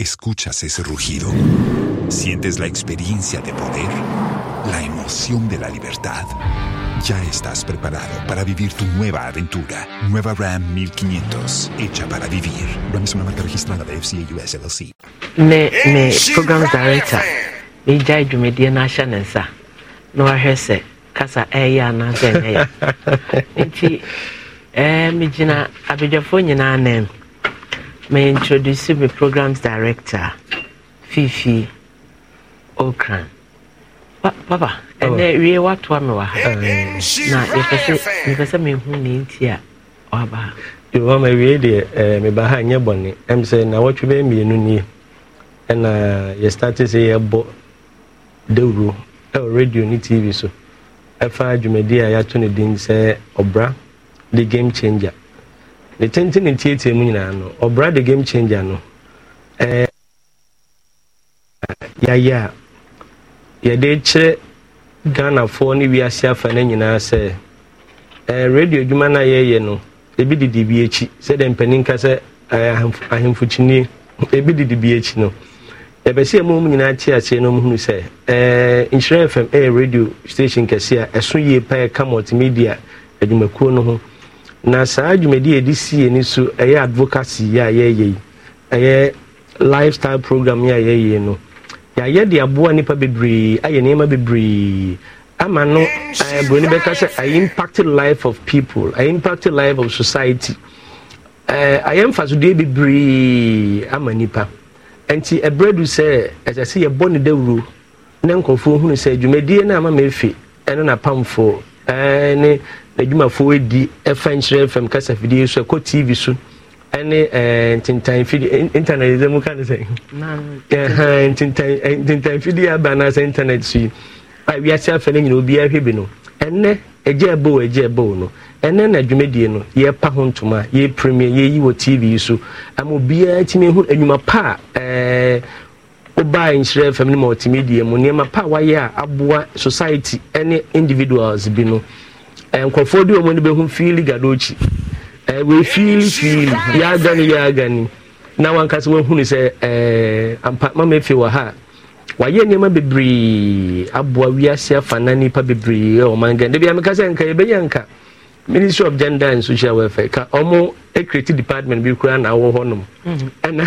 Escuchas ese rugido. Sientes la experiencia de poder, la emoción de la libertad. Ya estás preparado para vivir tu nueva aventura. Nueva Ram 1500, hecha para vivir. Ram es una marca registrada de FCA US LLC. Me, Me program de Ne gya dwumadie no ahyɛ ne nsa na no sɛ kasa ɛyɛ anaasɛ ɛnyɛ nti ɛɛ megyina abadwafoɔ nyinaa nan mu may introduce the program's director, Fifi Okran. Pa Papa, and then we what to me wa. Na yɛpɛ sɛ mehu ne nti a ɔaba. Yowɔ ma wie deɛ meba ha nyɛ bɔne ɛm sɛ nawɔtwe bɛyɛ mmienu nie eh, ɛna yɛstarte sɛ yɛbɔ dawuro ɛwɔ radio ne tv so ɛfa dwumadi a yɛato no din sɛ ɔbra the game changer ne tenten ne tietie mu nyinaa no ɔbra the game changer no ɛɛ yɛayɛ a yɛde kyerɛ ghanafoɔ ne wiase afa no nyinaa sɛ ɛɛ radio adwuma no yɛyɛ no ebi didi bi akyi sɛdeɛ mpanin ka ɛɛ ahemfo ebi didi bi akyi no yɛbɛ sɛ ɛmu mu nyinaa te aseɛ no muhunu sɛ ɛɛ nhyerɛ fm ɛyɛ radio station kɛseɛ a ɛso yie pa yɛ ka multimedia adwumakuo no ho na saa dwumadie yɛde si yɛn so ɛyɛ advocacy yi a yɛyɛ yi ɛyɛ lifestyle program yi a yɛyɛ no yɛayɛ de aboa nipa bebree ayɛ nneɛma bebree ama no ɛɛ buroni bɛka sɛ i impact life of people i impact life of society ɛɛ ayɛ mfasodeɛ bebree ama nipa nti ɛbrɛ do sɛ ɛsɛ sɛ yɛbɔ ne dawuro na nkurɔfoɔ hunu sɛ dwumadie no ama ma efe ɛno na pamfoɔ ne n'adwumafoɔ edi ɛfa nkyerɛ fam kasa fidie so ɛkɔ tv so ɛne ntintan fidie internet yɛ mu ka ne sɛ ntintan ntintan fidie aba anaasɛ internet so yi a wiase afɛ ne nyinaa obiara hwɛ bi no ɛnɛ ɛgye ɛbɔ wɔ ɛgye ɛbɔ wɔ no ɛnɛ na dwumadie no yɛpa ho ntoma yɛ premier yɛyi wɔ tv so ama obiara tumi ho adwuma pa ɛɛ. wobaa nhyerɛ fam no ma ɔtumi mu nneɛma pa wayɛ a aboa society ne individuals bi no nkurɔfoɔ de ɔmo no bɛhu fiili gadokyi wei fiili fiili yɛaga na wankasa wahunu sɛ ampa mama efe wɔ ha wayɛ nneɛma bebree aboa wiase afa na bebree ɔman gɛn debi amekasa nka yɛbɛyɛ nka. ministry of gender and social welfare ka ɔmo create department bi kura na awɔ hɔnom ɛna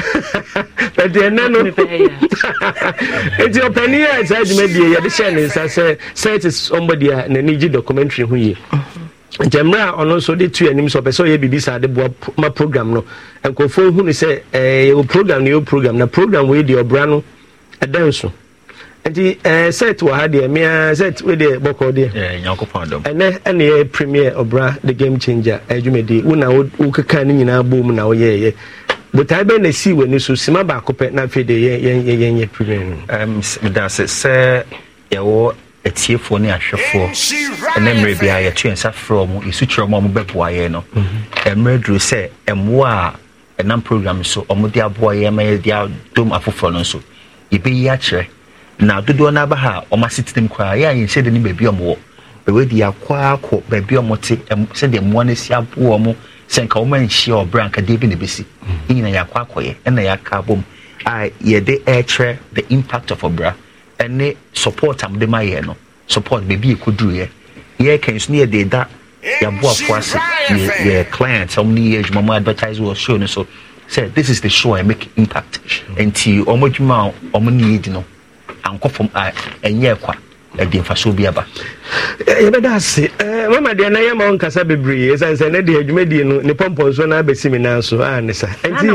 ɛdi ɛna no eti ɔpanin a saa dwumadie yɛde hyɛ ne nsa sɛ sɛ it somebody a n'ani gye documentary ho yie mhm. nti mmerɛ a ɔno nso de tu anim sɛ ɔpɛ sɛ ɔyɛ biribi saa de bua ma program no nkurɔfoɔ hunu sɛ ɛɛ program no yɛ program na program wei deɛ ɔbra no ɛda nso nti ɛɛ eh, set wɔ ha deɛ mmea set wei deɛ bɔkɔ deɛ. ɛɛ nyankopɔn dɔm. ɛnɛ ɛna yɛ premier ɔbra the game changer ɛdwumadi wona wokeka ne nyinaa bɔ mu na woyɛɛyɛ botae bɛn na sii w'ani so sima baako pɛ na afei de yɛn yɛn yɛn yɛn yɛ premier no. ɛɛm dansi sɛ yɛwɔ atiefoɔ ne ahwɛfoɔ ɛnɛ mmerɛ bi a yɛto yɛn nsa frɛ ɔmo yɛsu kyerɛ ɔmo a ɔmo bɛboa yɛn no mhm. mmerɛ duro sɛ mmoa a ɛnam program so ɔmo de aboa yɛn ma yɛde adom afoforɔ no nso yɛbɛyi akyerɛ na dodoɔ no aba ha a ɔma se tenam koraa yɛ a yɛnhyɛ de ne baabi a ɔmwɔ bɛwɛ de akɔ akɔ baabi a ɔmɔte sɛdeɛ mmoa no si aboɔ ɔmo sɛ nka ɔma nhyia ɔbrɛ anka deɛ bi na ɛbɛsi mm. ne nyina yɛakɔ akɔyɛ ɛna yɛaka abom a yɛde ɛkyerɛ the impact of ɔbra ɛne support a mode ma yɛ no support baabi yɛkɔduruiɛ yɛka nso ne yɛde da yɛaboafoɔ ase yɛ client ɔm ne yɛ adwuma mu advertise wɔ show no so sɛ this is the show i make impact nti ɔmo adwuma a ɔmo ne yɛdi no ankɔ fam a ɛnyɛ kwa ɛde mfasoɔ bi aba yɛbɛda ase mama deɛ na yɛma wo nkasa bebree ɛsiane sɛ ne deɛ adwumadie no ne pɔmpɔ so no abɛsi me nan so a ne sa ntyɛde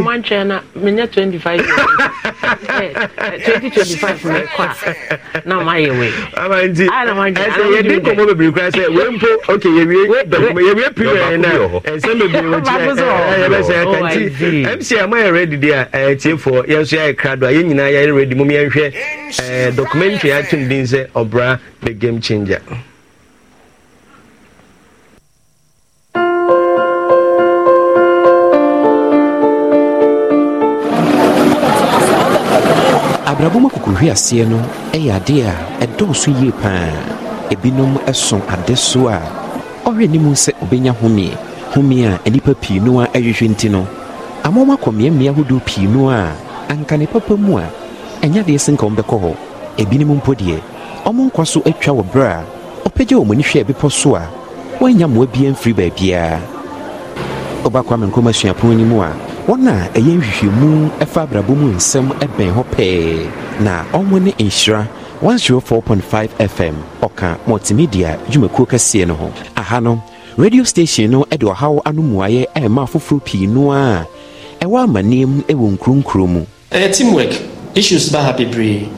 nkɔmmɔ bebree koraa sɛ wempo ok yɛwie piriɛ no ɛnsɛm bebree wɔ kyerɛyɛbɛsɛ aka oh, nti mc ama yɛ ready deɛ a tiefoɔ yɛn so yɛyɛ krado a yɛn nyinaa yɛyɛ ready mom yɛnhwɛ documentary atom din sɛ ɔbra the game changer abrabɔ mu akokohwe aseɛ no yɛ adeɛ a ɛdɔɔso yie paa ebinom so ade so a ɔhwɛ ne mu sɛ ɔbɛnya homeɛ homeɛ a nnipa pii no a ɛhwehwɛ nti no amoma kɔ mmeammea ahodoɔ pii no a anka ne papa mu a ɛnyɛ adeɛ sɛ nka wɔmbɛkɔ hɔ ebinom mpo deɛ ɔmo so atwa wɔ berɛ a ɔpɛgya wɔn ani hwɛ bepɔ so a wɔanya mmoa biara mfiri baabiara ɔbaakɔ ama nkɔm asuapɔn no mu a wɔn a ɛyɛ nhwehwɛmu ɛfa abrabɔ mu nsɛm ɛbɛn hɔ pɛɛ na ɔmo ne nhyira 104.5 fm ɔka multimedia dwumakuo kɛseɛ no ho aha no radio station no ɛde ɔhaw anomuayɛ ɛma foforɔ pii no a ɛwɔ amanneɛm ɛwɔ nkuronkuro mu ɛyɛ teamwork issues ba ha bebree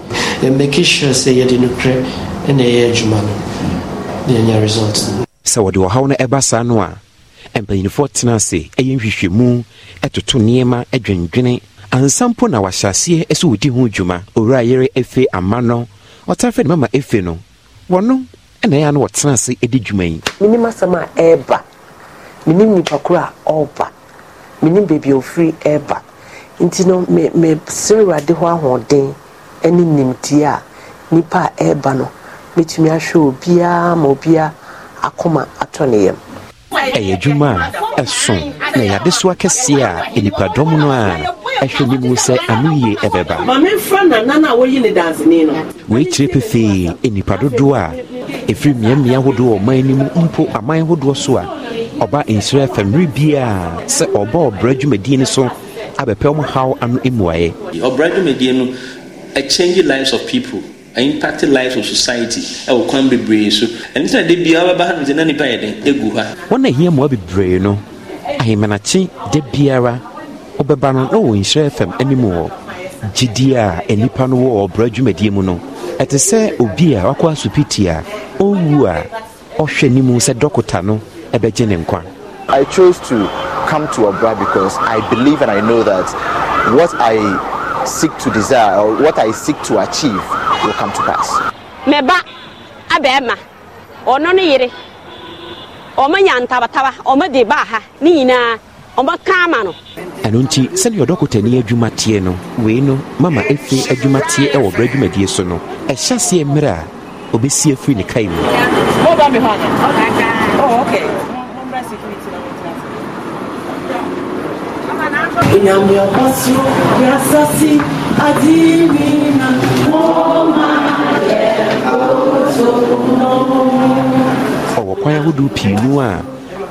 yɛmmɛke sure sɛ yɛde nokorɛ ɛna ɛyɛ adwuma no na ɛnya result sɛ wɔde ɔhaw no ɛba saa no a mpanyinfoɔ tena ase ɛyɛ nhwehwɛmu ɛtoto nneɛma ɛdwendwene ansa na wahyɛ aseɛ ɛsɛ wɔdi ho dwuma owura yere efe ama no ɔtafɛ ne mama efe no wɔno ɛna ɛyɛ ano wɔtena ase ɛdi dwuma yi. minim asɛm a ɛɛba minim nipa koro a ɔɔba minim beebi ofiri ɛɛba nti no me me srewurade hɔ ahoɔden ɛne nimdeɛ a nipa a ɛɛba no metumi ahwɛ obiara ma obiara akoma atɔ ne yam ɛyɛ adwuma a ɛso na ɛyɛ adesoa kɛseɛ a nipadɔm no a ɛhwɛ ne mu sɛ ano yie ɛbɛba wei kyerɛ pefee nipa dodoɔ a ɛfiri mmeammea ahodoɔ ɔman no mu mpo aman ahodoɔ so a ɔba nhyerɛ fam bere biaa sɛ ɔba ɔbra dwumadie no so abɛpɛ ɔmo haw ano mmuaeɛ ɔbra lives of people impact lives of society ɛwɔ kwan bebree so ɛno sɛ de biara bɛba hanom sɛ na nnipa yɛ den ɛgu ha wɔn a ɛhia mmoa bebree no ahemanakye da biara wobɛba no na wɔ nhyerɛ fam anim wɔ gyidie a nnipa no wɔ ɔbrɔ adwumadie mu no ɛte sɛ obi a wakɔ asopiti a ɔwu a ɔhwɛ ne mu sɛ dɔkota no ɛbɛgye ne nkwa I chose to come to Obra because I believe and I know that what I seek to desire or what I seek to achieve will come to pass. meba abɛɛma ɔno ne yere ɔma nya ntabataba ɔma de baa ha ne nyinaa ɔma kaa ma no ɛno nti sɛdeɛ ɔdɔkotani adwuma teɛ no wei no mama ɛfe adwuma teɛ ɛwɔ brɛ adwumadie so no ɛhyɛ aseɛ mmerɛ a ɔbɛsi afiri ne kae mu ɔwɔ kwan ahodoɔ pii mu a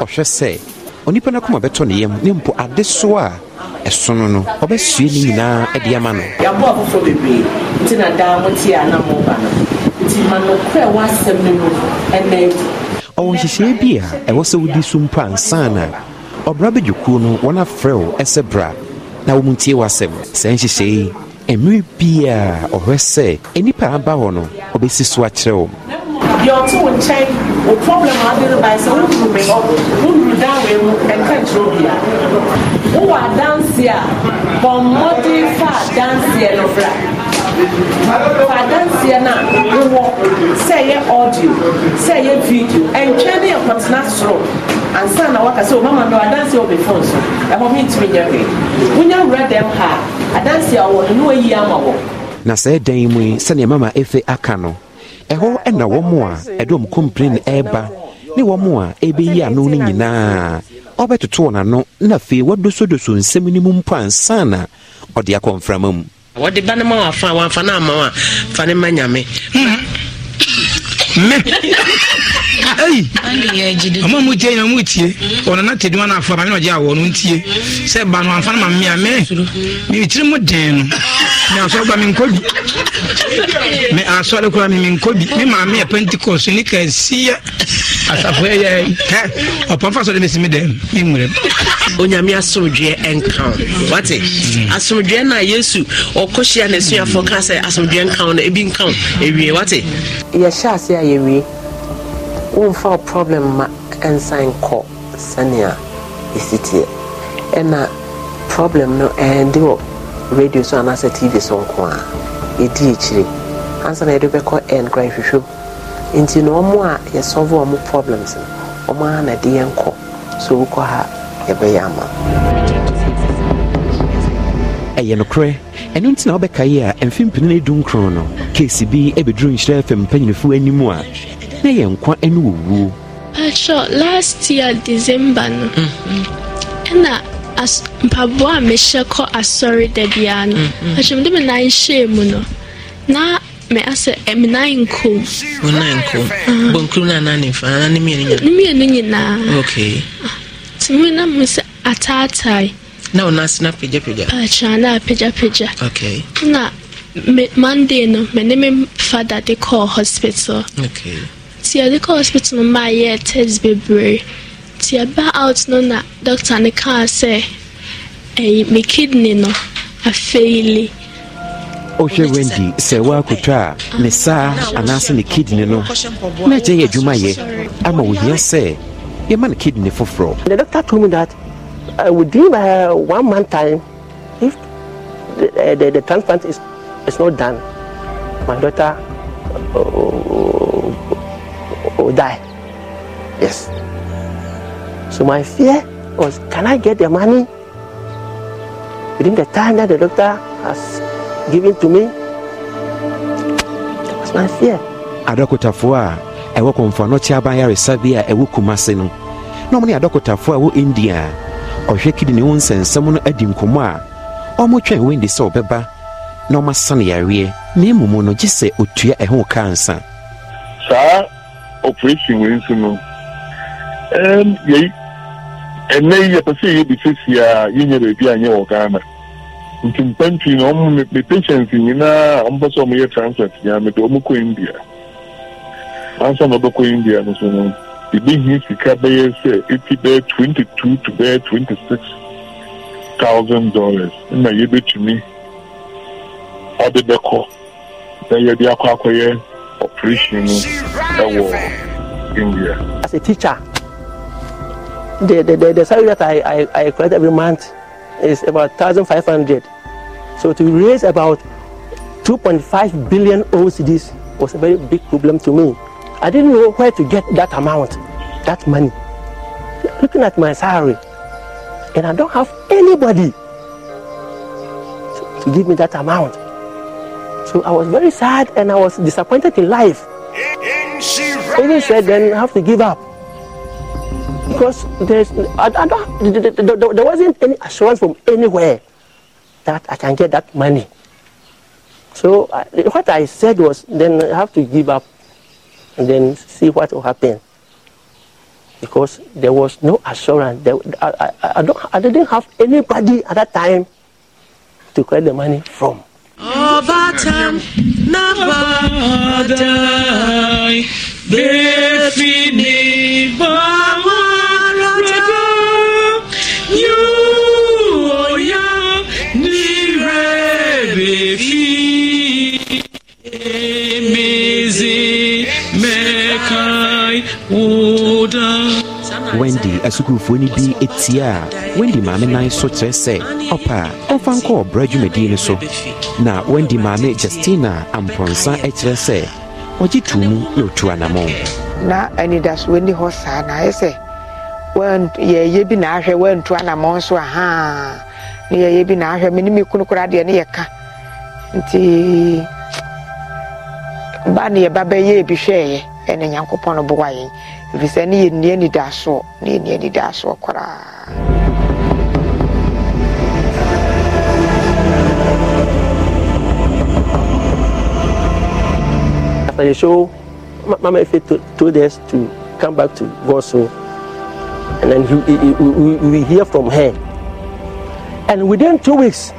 ɔhwɛ sɛ onipa no akoma bɛtɔ ne yam ne mpo ade so a ɛsono no ɔbɛsue ne nyinaa de ama no yɛabɔ afoforɔ bebree nti na daa mote ɔwɔ nhyehyɛeɛ bi a ɛwɔ sɛ wodi so mpo ansa na ɔbra bɛdwokuo no wɔn afrɛ wo ɛsɛ bra na wɔn tie w'asɛm sɛ nhyehyɛ yi mmerɛ bia ɔhwɛ sɛ nnipa aba hɔ no ɔbɛsi so akyerɛ wo deɛ ɔte wo nkyɛn wo problem a wode no bae sɛ wonuru me hɔ wonuru dan wei mu ɛnka nkyerɛ obi a wowɔ adanseɛ a bɔ mmɔden fa adanseɛ no bra adanseɛ no a wowɔ sɛ ɛyɛ audio sɛ ɛyɛ video ɛntwɛ ne ɛkɔtena soro ansa na waka sɛ ɔmama no adanseɛ wɔbɛfon so ɛhɔ mentumi nyɛ hwee wonya wura dɛm ha a adanseɛ wɔ no ne wayi ama wɔ na sɛ ɛdan mu yi sɛnea mama ɛfe aka no ɛhɔ ɛna wɔn a ɛdɔm complain ɛreba ne wɔn a ɛbɛyi ano no nyinaa ɔbɛtoto wɔn ano na afei wɔdosodoso nsɛm no mu mpo ansa na ɔde wɔde ba no ma wafa wamfa no ama wa fa ne ma nyame me ama mu tie nyina mu tie ɔno na tedi wana afa na ɔgye awɔ no ntie sɛ ba no amfa no ma mmea me meretiri mu den no me asɔre ba menkɔbi me asɔre koraa me menkɔbi me maame yɛ pentecost ni kɛseɛ asafo ɛyɛ ɔpɔmfa sɔ de mesi me dɛm menwerɛm onyame asomdweɛ ɛnka wate mm. asomdweɛ no yesu ɔkɔhyia n'asuafoɔ ka sɛ asomdweɛ nka no ebi nka ɛwie wate yɛhyɛ ase a yɛwie womfa wo problem ma ɛnsan kɔ sɛnea ɛsiteɛ ɛna problem no ɛnde wɔ radio so anaasɛ tv so nko a ɛdi akyire ansa na yɛde wobɛkɔ ɛn koraa nhwehwɛm nti na ɔmo a yɛsɔve ɔmo problems no ɔmo a na de yɛn so wokɔ ha yɛbɛyɛ ama ɛyɛ nokorɛ ɛno nti na wobɛka yi a mfempini no dunkron no kesi bi ɛbɛduru nhyerɛ fam mpanyinifoɔ anim a na yɛ nkwa ne wɔwuo pastor last year december no ɛna mpaboa a mehyɛ kɔ asɔre da biara no mm, mm. ahyɛmde me nan hyɛɛ mu no na mɛ asɛ ɛminan nko. ɔnan nko bɔnkuru na ah, na ah, ne na anan ne mmienu nyinaa. ne mmienu nyinaa. ok. Ah, tumi na mu sɛ ataatae. na ɔna asena pagyapagya. paakyɛn na apagyapagya. ok. na me monday no mɛ ne me fada de kɔɔ hospital. ok. ti de kɔɔ hospital no maa yɛ test bebree ti yɛba out no na doctor ne kaa sɛ ɛyi me kidney no afeeli wohwɛ wendy sɛ woakotɔ a ne saa anaasɛ ne kidne no na agya yɛ adwuma ama wohia sɛ yɛma no kidne foforɔ the doctor told me that uh, within uh, one month time if uh, the, the, transplant is, is not done my daughter will die yes so my fear was can i get the money within the time that the doctor has given to me that was my fear. adɔkotafoɔ a ɛwɔ kɔmfano kye aban yaresa bi a ɛwɔ kumase no na ɔmo ne adɔkotafoɔ a ɛwɔ india a ɔhwɛ kidini ho nsɛnsɛm no adi nkɔmmɔ a ɔmo twɛn wendi sɛ ɔbɛba na ɔmo asa no yareɛ na mmom no gye sɛ otua ɛho kansa. saa operation wei nso no ɛm yɛyi ɛnɛ yi yɛpɛ sɛ yɛbi sɛsi a yɛnyɛ baabi a nyɛ wɔ ghana nti mpantwi na ɔmo me me nyinaa a ɔmo bɛ sɛ ɔmo yɛ transplant nyinaa mɛ de ɔmo kɔ india ansa na ɔbɛkɔ india no so no ebi hin sika bɛyɛ sɛ eti bɛyɛ twenty two to bɛyɛ twenty six thousand dollars na yɛbɛtumi ɔde bɛkɔ na yɛde akɔ akɔyɛ operation no ɛwɔ india. as a teacher the the the, the salary that i i i collect every month. is about 1,500. So to raise about 2.5 billion OCDs was a very big problem to me. I didn't know where to get that amount, that money. Looking at my salary, and I don't have anybody to give me that amount. So I was very sad and I was disappointed in life. Even said then I have to give up. Because there's, I, I don't, there, there, there wasn't any assurance from anywhere that I can get that money. So I, what I said was, then I have to give up and then see what will happen. Because there was no assurance. There, I, I, I, don't, I didn't have anybody at that time to get the money from. Overtime, wendy asukuufoɔ no bi etia a wendy maame nan so kyerɛ sɛ ɔpa a ɔmfa nkɔ ɔbrɛ dwumadie no so na wendy maame justina ampɔnsa kyerɛ sɛ ɔgye tu mu na otu anammɔn na anidasoɔ ni hɔ saa na ayɛ sɛ yɛyɛ bi na ahwɛ wantu anammɔn so ahaa na yɛyɛ bi na ahwɛ me ne me kunu koraa deɛ ne yɛka nti ba ne yɛba bɛyɛ ebi hwɛɛyɛ ɛna nyankopɔn no bowa yɛn efisɛ ne yɛ nnia nidaasoɔ ne yɛ nnia nidaasoɔ koraa After the show, Mama Ife told us to come back to Goso, and then he, he, we, we hear from her. And within two weeks,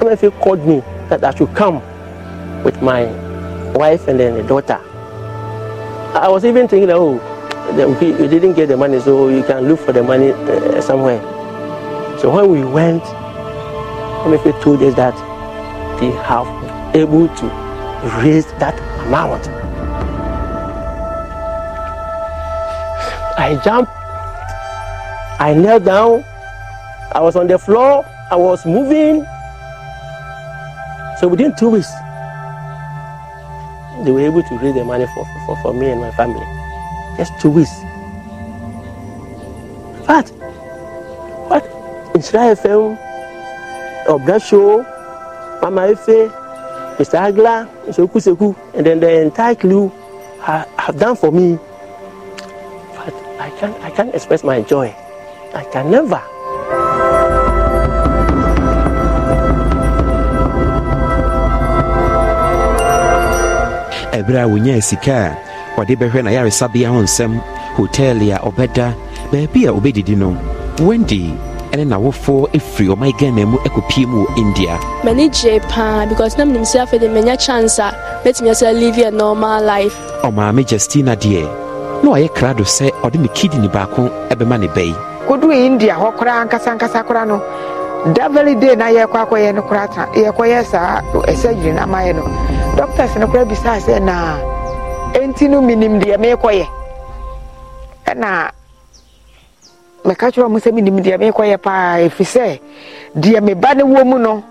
Mama Ife called me that I should come with my wife and then a daughter. I was even thinking, oh, you didn't get the money, so you can look for the money uh, somewhere. So when we went, MFA told us that they have able to raise that amount. I jumped. I knelt down. I was on the floor. I was moving. So within two weeks, they were able to raise the money for, for, for me and my family. Just two weeks. In fact, what Israel FM, Show, Mama Efe, Mr. Agla, Mr. Okuseku, and then the entire crew have, have done for me. But I can't, I can't express my joy. I can never ɛberɛ a wonyaa sika a wɔde bɛhwɛ n'ayaresabea ho nsɛm hotel a ɔbɛda baabi a ɔbɛdidi no wendy ɛne n'awofoɔ ɛfiri ɔman ghana mu ɛkɔpie mu wɔ india m'ani gyee paa because na menim sɛ afei de manya chance a mɛtumi sɛ live a normal life ɔmaame justina deɛ na ɔyɛ krado sɛ ɔde ne kidini baako ɛbɛma ne bɛyi koduu india hɔ koraa ankasa ankasa no da very day na yɛkɔ akɔyɛ no koraa yɛkɔyɛ saa ɛsɛ dwene amayɛ no doctors no koraa bisaa sɛ na enti no minim deɛ meekɔyɛ ɛna mɛka kyerɛ mo sɛ minim deɛ meekɔyɛ paa ɛfiri sɛ deɛ meba ne wɔ mu no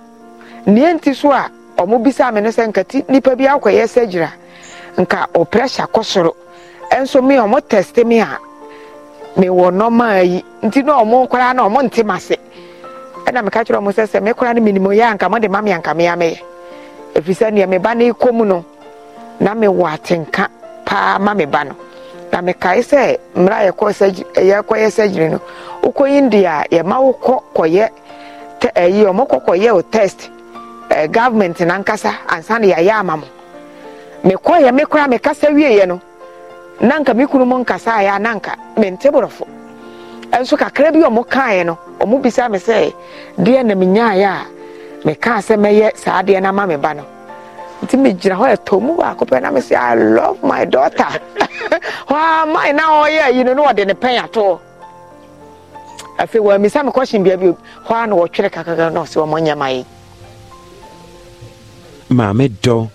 neɛ nti so a ɔmo bisaa me no sɛ nka nipa bi akɔyɛ sɛ gyira nka ɔpressure kɔ soro ɛnso me ɔmo test me a mewɔ nɔmaa yi nti na ɔmo koraa na ɔmo nte m'ase ɛna mɛka kyerɛ ɔmo sɛ sɛ me koraa no minim yɛ anka mo de ma me anka me amɛyɛ ɛfiri sɛ deɛ meba no kɔ mu no na mewɔ atenka paa ma meba no na mekae sɛ mmara yɛkɔyɛ surgery no wokɔyi deɛ a yɛma wokɔ kɔyɛ ɛyi eh, ɔmɔkɔ kɔyɛ o test ɛɛ eh, government nankasa ansa na yɛayɛ ama mo mekɔyɛ mekora mekasa wieɛ no na nka me kunu mu nkasaeɛ a na nka mente borɔfo ɛnso kakra bi ɔmo kaeɛ no ɔmo bisa me sɛ deɛ na menyaeɛ a mekaa sɛ mɛyɛ saa adeɛ no ama me ba no nti megyina hɔ ɛtɔ mu baako pɛ na me sɛ i love my daughter hɔamae na ɔyɛ yi no ne wɔde ne pɛn atoo afei wɔamisa me kɔhyen bia bio hɔ a na wɔtwere kakaka na ɔsɛ ɔmɔnyɛ ma ye maame dɔ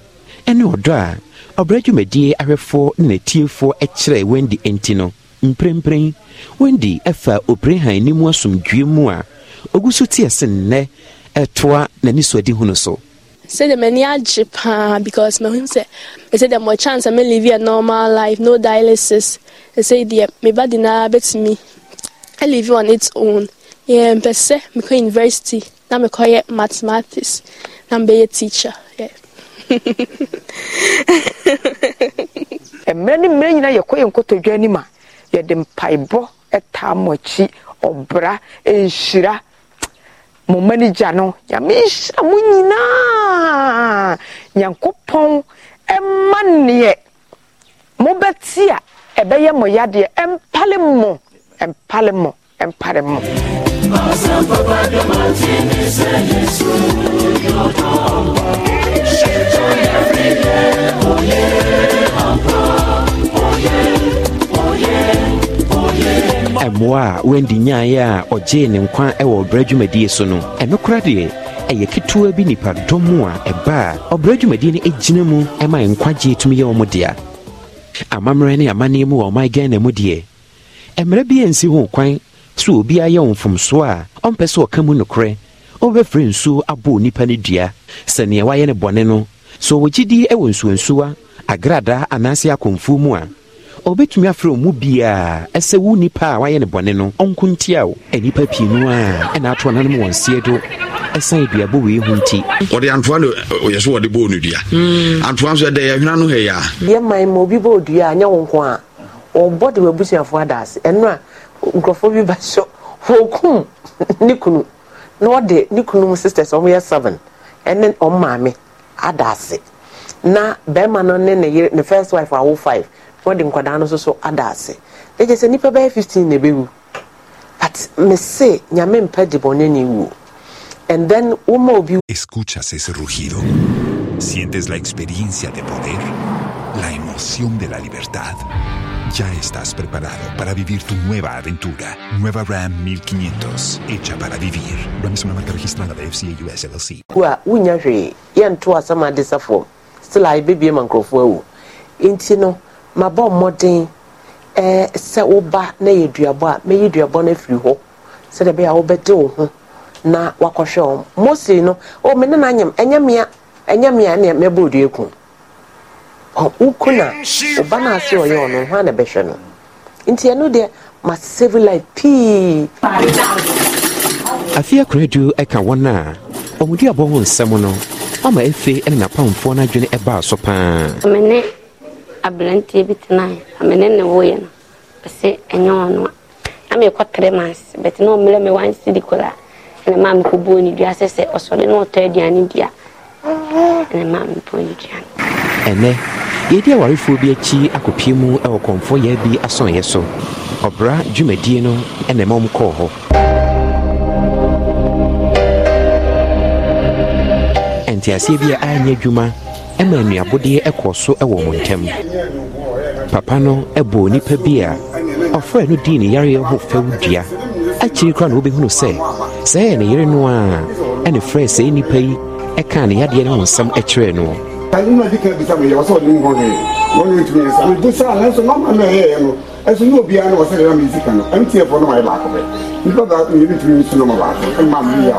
ɛne ɔdɔ a ɔbrɛ dwumadie ahwɛfoɔ ne natiefoɔ kyerɛ wendi enti no mprempren wendi ɛfa opirehan ne mu asomdwie mu a ɔgu so teɛ se nnɛ ɛtoa n'ani so adi hunu so sɛdeɛ m'ani agye paa because mahu sɛ ɛsɛ deɛ mɔ chance a live a normal life no dialysis ɛsɛ deɛ meba de naa bɛtumi alive on its own yeah, mpɛ sɛ mekɔ university na mekɔyɛ mathematics na mbɛyɛ teacher yeah. mmerɛ ne mmerɛ nyinaa yɛkɔ yɛ nkotodwa anim a yɛde mpaebɔ taa mo akyi ɔbra nhyira mo manager no nyame nhyira mo nyinaa nyankopɔn ɛma neɛ mobɛte a ɛbɛyɛ mo yadeɛ ɛmpale mo ɛmpale mo ɛmpale mo. yeah mmoa a wendi nyaeɛ a ɔgyee ne nkwa ɛwɔ ɔbrɛ dwumadie so no ɛno kora deɛ ɛyɛ ketewa bi nipadɔ mu a ɛba a ɔbrɛ dwumadie no ɛgyina mu ɛma nkwagye tumi yɛ ɔmo dea amammerɛ ne amanneɛ mu wɔ ɔman ghana mu deɛ mmerɛ bi ansi ho kwan sɛ obiara yɛ wo mfomsoɔ a ɔmpɛ sɛ ɔka mu nokorɛ ɔbɛfrɛ nsuo abɔ onipa no dua sɛneɛ wayɛ ne bɔne no sɛ ɔwɔ gyidi wɔ nsuonsuwa agradaa anaasɛ akɔmfuo mu a ɔbɛtumi afrɛ mu biaa ɛsɛ wo nipa a wayɛ ne bɔne no ɔnko ntia wo nnipa pii no a ɛna ato ɔnanom wɔn sie do ɛsan aduabɔ wei ho nti wɔde antoa no yɛ so wɔde bɔɔ no dua hmm. antoa nso ɛdɛ yɛhwena no hɛyɛ a yɛman ma obi bɔɔ dua a nyɛ wo nko a ɔbɔ de wabusuafoɔ adaase ɛno a nkurɔfoɔ bi ba hyɛ wɔkum ne kunu na ɔde ne kunu sisters ɔmoyɛ seven ɛne ɔmaame adaase na bɛrima no ne ne yere ne first wife awo five wɔde nkwadaa no nso so ada ase ɛgye sɛ nnipa bɛyɛ 15 na ɛbɛwu but me se nyame mpɛ de bɔne ne wuo and then woma obi escuchas ese rugido sientes la experiencia de poder la emoción de la libertad Ya estás preparado para vivir tu nueva aventura. Nueva Ram 1500, hecha para vivir. Ram es una marca registrada de FCA US LLC. Wa unya hwe, yentoa sama disafo. Still I baby man krofo awu. no, ma bɔ mmọden ɛɛ sɛ woba na yɛ duabɔ a mɛyɛ duabɔ no afiri hɔ sɛdeɛ bɛyɛ a wobɛde wo ho na wakɔhwɛ wɔn mostly no o me ne na anyam ɛnyɛ mmea ne mɛbɔ na ɔba na ase ɔyɛ ɔno na bɛhwɛ no nti ɛno deɛ ma save life pii akoradu ɛka wɔn a nsɛm no ama adwene ɛbaa so paa aberanteɛ bi tenaeɛ amene ne woyɛ no ɔsɛ ɛnyɛ ɔno a na meekɔ tre months but na ɔmmerɛ me wansi di koraa ɛne maa mekɔbuo ne dua sɛ sɛ ɔsɔre na ɔtɔ aduane dua ɛne maa mebuo ne dua no ɛnɛ yɛdi awarefoɔ bi akyi akɔpie mu wɔ kɔmfoyɛ bi asɔnyɛ so ɔbra dwumadie no ɛna ɛma ɔm kɔɔ hɔ nteaseɛ bi a anyɛ adwuma ɛma nnuabodeɛ ɛkɔɔ so ɛwɔ wɔn ntam papa no ɛbɔɔ nnipa bi a ɔfrɛ no dii ne yareɛ ho fɛw dua akyiri koraa na wobɛhunu sɛ sɛ ɛyɛ ne yere no a ɛne frɛ sɛe nnipa yi ɛkaa ne yadeɛ no ho nsɛm ɛkyerɛɛ no nínú baako bẹ́ẹ̀ nípa bá mi yẹ ma baako ẹ̀ máa mi yà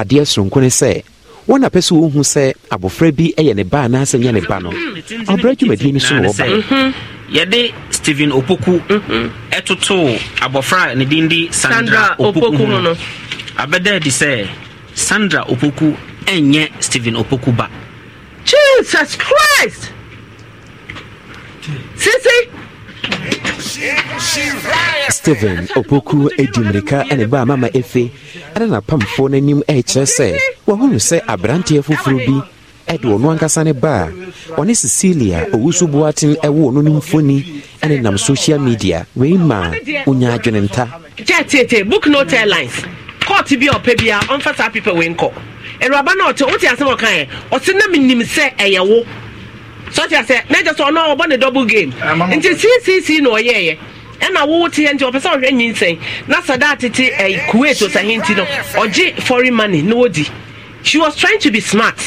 adeɛ soronko ne sɛ wɔn apɛ sɛ wɔhu sɛ abɔfra bi yɛ ne ba anaasɛ nyɛ ne ba no ɔbrɛ dwumadie no so na wɔba yɛde stephen opoku ɛtotoo mm-hmm. abɔfra a ne din sandra opoku ho no abɛda adi sɛ sandra opoku ɛnyɛ Steven opoku ba jesus christ sisi steven opoku adwumirika ne baa mama efe ne napamfoɔ no anim rekyerɛ sɛ wahunu sɛ aberanteɛ foforɔ bi ɛde ɔno ankasa ne baa ɔne cecilia owusu boaten ɛwo ɔno no mfoni ne nam social media wei maa onya adwene nta kyɛtiete book no airlines kɔɔte bi a ɔpɛ bia ɔmfa saa pepɛ wei nkɔ awuraba no ɔte wote asɛm ɔkaeɛ ɔte na menim sɛ ɛyɛ wo sọtì ase n'ẹjẹ sọ ọnà ọbọ ne double game nti ccc na ọyẹ yẹ ɛna wo te yɛ nti ɔpɛ sɛ ɔhwɛ nyinsɛn na sada tete ɛ kuwait osahin ti no ɔgye foreign money na odi she was trying to be smart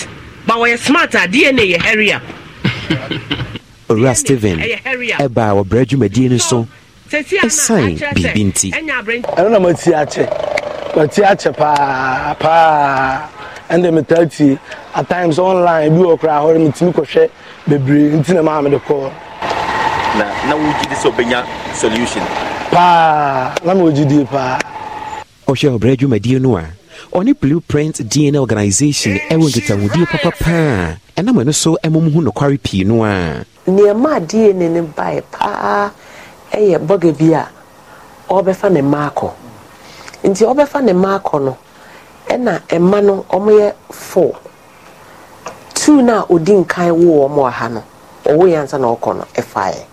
but wɔyɛ smart a dna yɛ area. owura steven ɛbaa wɔbrɛ dwumadie no so ɛsan biribi nti ɛno na mati akyɛ mati akyɛ paa paa ɛnna metaa tie at times online bi wɔ koraa hɔ metumi kɔhwɛ bebree nti na maa mede kɔɔ na na wogye di sɛ ɔbɛnya solution paa na ma ɔgye die paa ɔhwɛ ɔbrɛ adwumadie no a ɔne blueprint dna organisation ɛwɔ nkitahudie papa paa ɛnam ɛno so ɛmom hu nokware pii no a nneɛma a dna no bae paa ɛyɛ bɔga bi a ɔbɛfa ne mmaakɔ nti ɔbɛfa ne mmaakɔ no ɛna mma no ɔmoyɛ four two na odi nkan wo wɔn ha no ɔwɔ yɛn nsa na ɔkɔ no ɛfa yɛ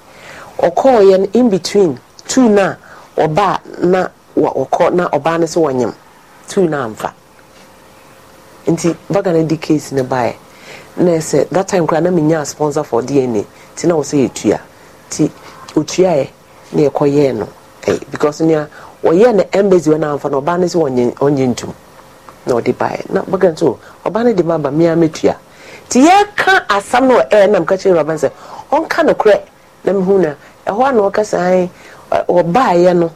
ɔkɔɔ yɛ no in between two na ɔbaa na ɔkɔ na ɔbaa no so wɔnyam two na nfa nti baga na di case ne baeɛ na ɛsɛ that time koraa na menya sponsor for dna ti na wɔsɛ yɛtua ti otua yɛ na yɛkɔ yɛɛ no ɛy because nea wɔyɛ no embassy wɔ na nfa na ɔbaa no so wɔnyɛ wɔnyɛ ntum. na ɔde baeɛ na bɛka nso ɔbaa no de ma aba mmea mɛtua nti yɛka asɛm no ɛɛ nam ka kyerɛ wuraba no sɛ na mehu na ɛhɔ a na ɔka saa ɔbaeɛ no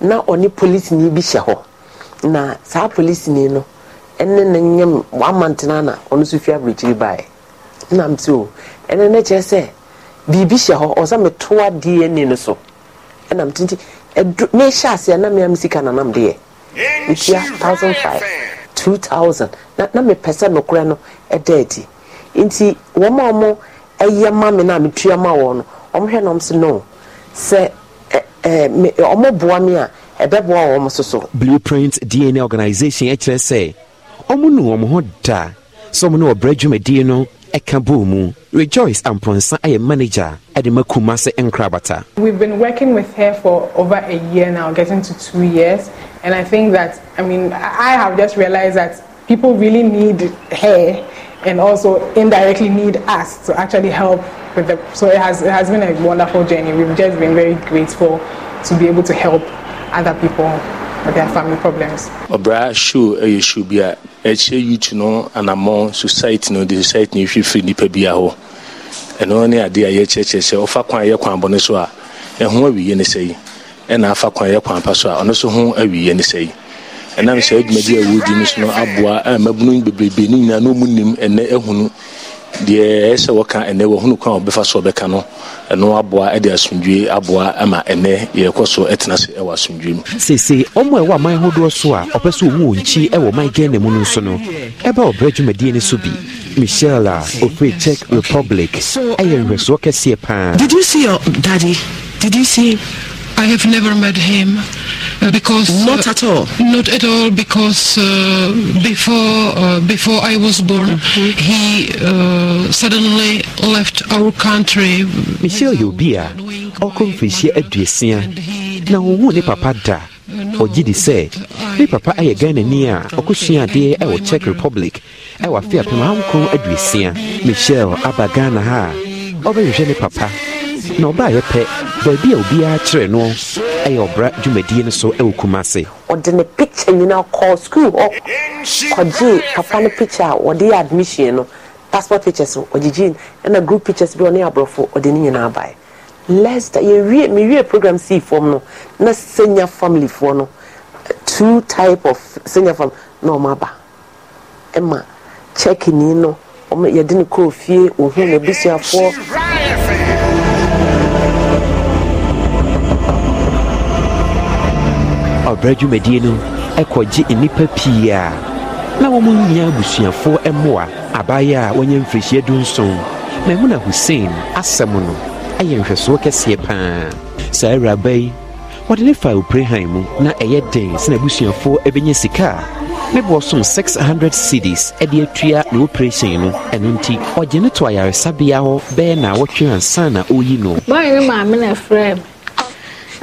na ɔne polisini bi hyɛ hɔ na saa polisini no ɛne ne nyam na ɔno nso fi nam o ɛne kyerɛ sɛ biribi hyɛ hɔ ɔsɛ no so ɛnam aseɛ na sika deɛ two thousand na na mepɛ sɛ nokorɛ no ɛda adi nti wɔn a wɔn ɛyɛ ma mi na ma wɔn no wɔn hwɛ na wɔn sɛ no sɛ ɛ ɛ me wɔn boa mi a ɛbɛboa wɔn soso. blueprint dna organisation ɛkyerɛ sɛ wɔn nu wɔn ho da sɛ wɔn no wɔbrɛ dwumadie no ɛka bɔɔ mu rejoice amponsa ayɛ manager ɛde ma kumase nkrabata. we've been working with her for over a year now getting to two years. And I think that, I mean, I have just realized that people really need hair and also indirectly need us to actually help with the. So it has, it has been a wonderful journey. We've just been very grateful to be able to help other people with their family problems. Obra show a show be a ɛkyɛ youth no no de society no ehwɛ firi nipa bi ahɔ ɛno ne adeɛ a yɛkyerɛkyerɛ sɛ ɔfa kwan yɛ kwan bɔ so a ɛho awie ne sɛ yi ɛna afa kwan yɛ kwan pa so a ɔno so ho awieɛ ne sɛ yi ɛnam sɛ adwumadi a wɔdi no so no aboa a mmabunu bebrebe ne nyinaa na ɔmu nim ɛnɛ ahunu deɛ ɛyɛ sɛ wɔka ɛnɛ wɔhunu kwan a wɔbɛfa so wɔbɛka no ɛno aboa de asomdwe aboa ama ɛnɛ yɛrekɔ so ɛtena se ɛwɔ asomdwe mu seesei ɔmo ɛwɔ aman hodoɔ so a ɔpɛ sɛ ɔmu wɔnkyi ɛwɔ ɔman ghana mu no nso no ɛbɛ ɔbrɛ dwumadie no so bi michelle a ɔfiri czech republic ɛyɛ nhwɛsoɔ kɛseɛ paa did you see your daddy did you see I have never met him uh, because uh, not at all. Not at all because uh, before uh, before I was born, mm-hmm. he uh, suddenly left our country. Michelle Yobia, ɔkɔmfɛnhyia aduasia na wɔwoo ne papa da ɔgye di sɛ ne papa ayɛ ghanani a ɔkɔsua adeɛ ɛwɔ czech republic ɛwɔ eh, afe apem ankron aduasia michelle aba ghana ha a ɔbɛhwehwɛ ne papa na ɔbaayɛ pɛ baabi a obiara kyerɛ no ɛyɛ ɔbra dwumadie no so ɛwɔ kumase ɔde ne picture nyinaa kɔɔ school hɔ kɔgyee papa no picture a wɔde yɛ admission no passport pictures ɔgyegye ɛna group pictures bi ɔne aborɔfo ɔde ne nyinaa baeɛ lester yɛwie mewie program sii fam no na senior family foɔ no two type of senior family na ɔmo aba ɛma check ni no ɔmo yɛde ne kɔɔ fie ohun ne busuafoɔ. abrɛ dwumadie no ɛkɔgye nnipa pii a na wɔn nyinaa abusuafoɔ mmoa abaayewa a wɔnyɛ mfirihyia dunson maimuna hussein asɛm no ɛyɛ nhwɛsoɔ kɛseɛ paa saa awuraba yi wɔde ne fa opirehan mu na ɛyɛ den sɛ n'abusuafoɔ ɛbɛnya sika a ne boɔ som 600 cities ɛde atua ne operation no ɛno nti ɔgye ne to ayaresabea hɔ bɛyɛ na wɔtwe ansa na ɔyi no bɔn ne maame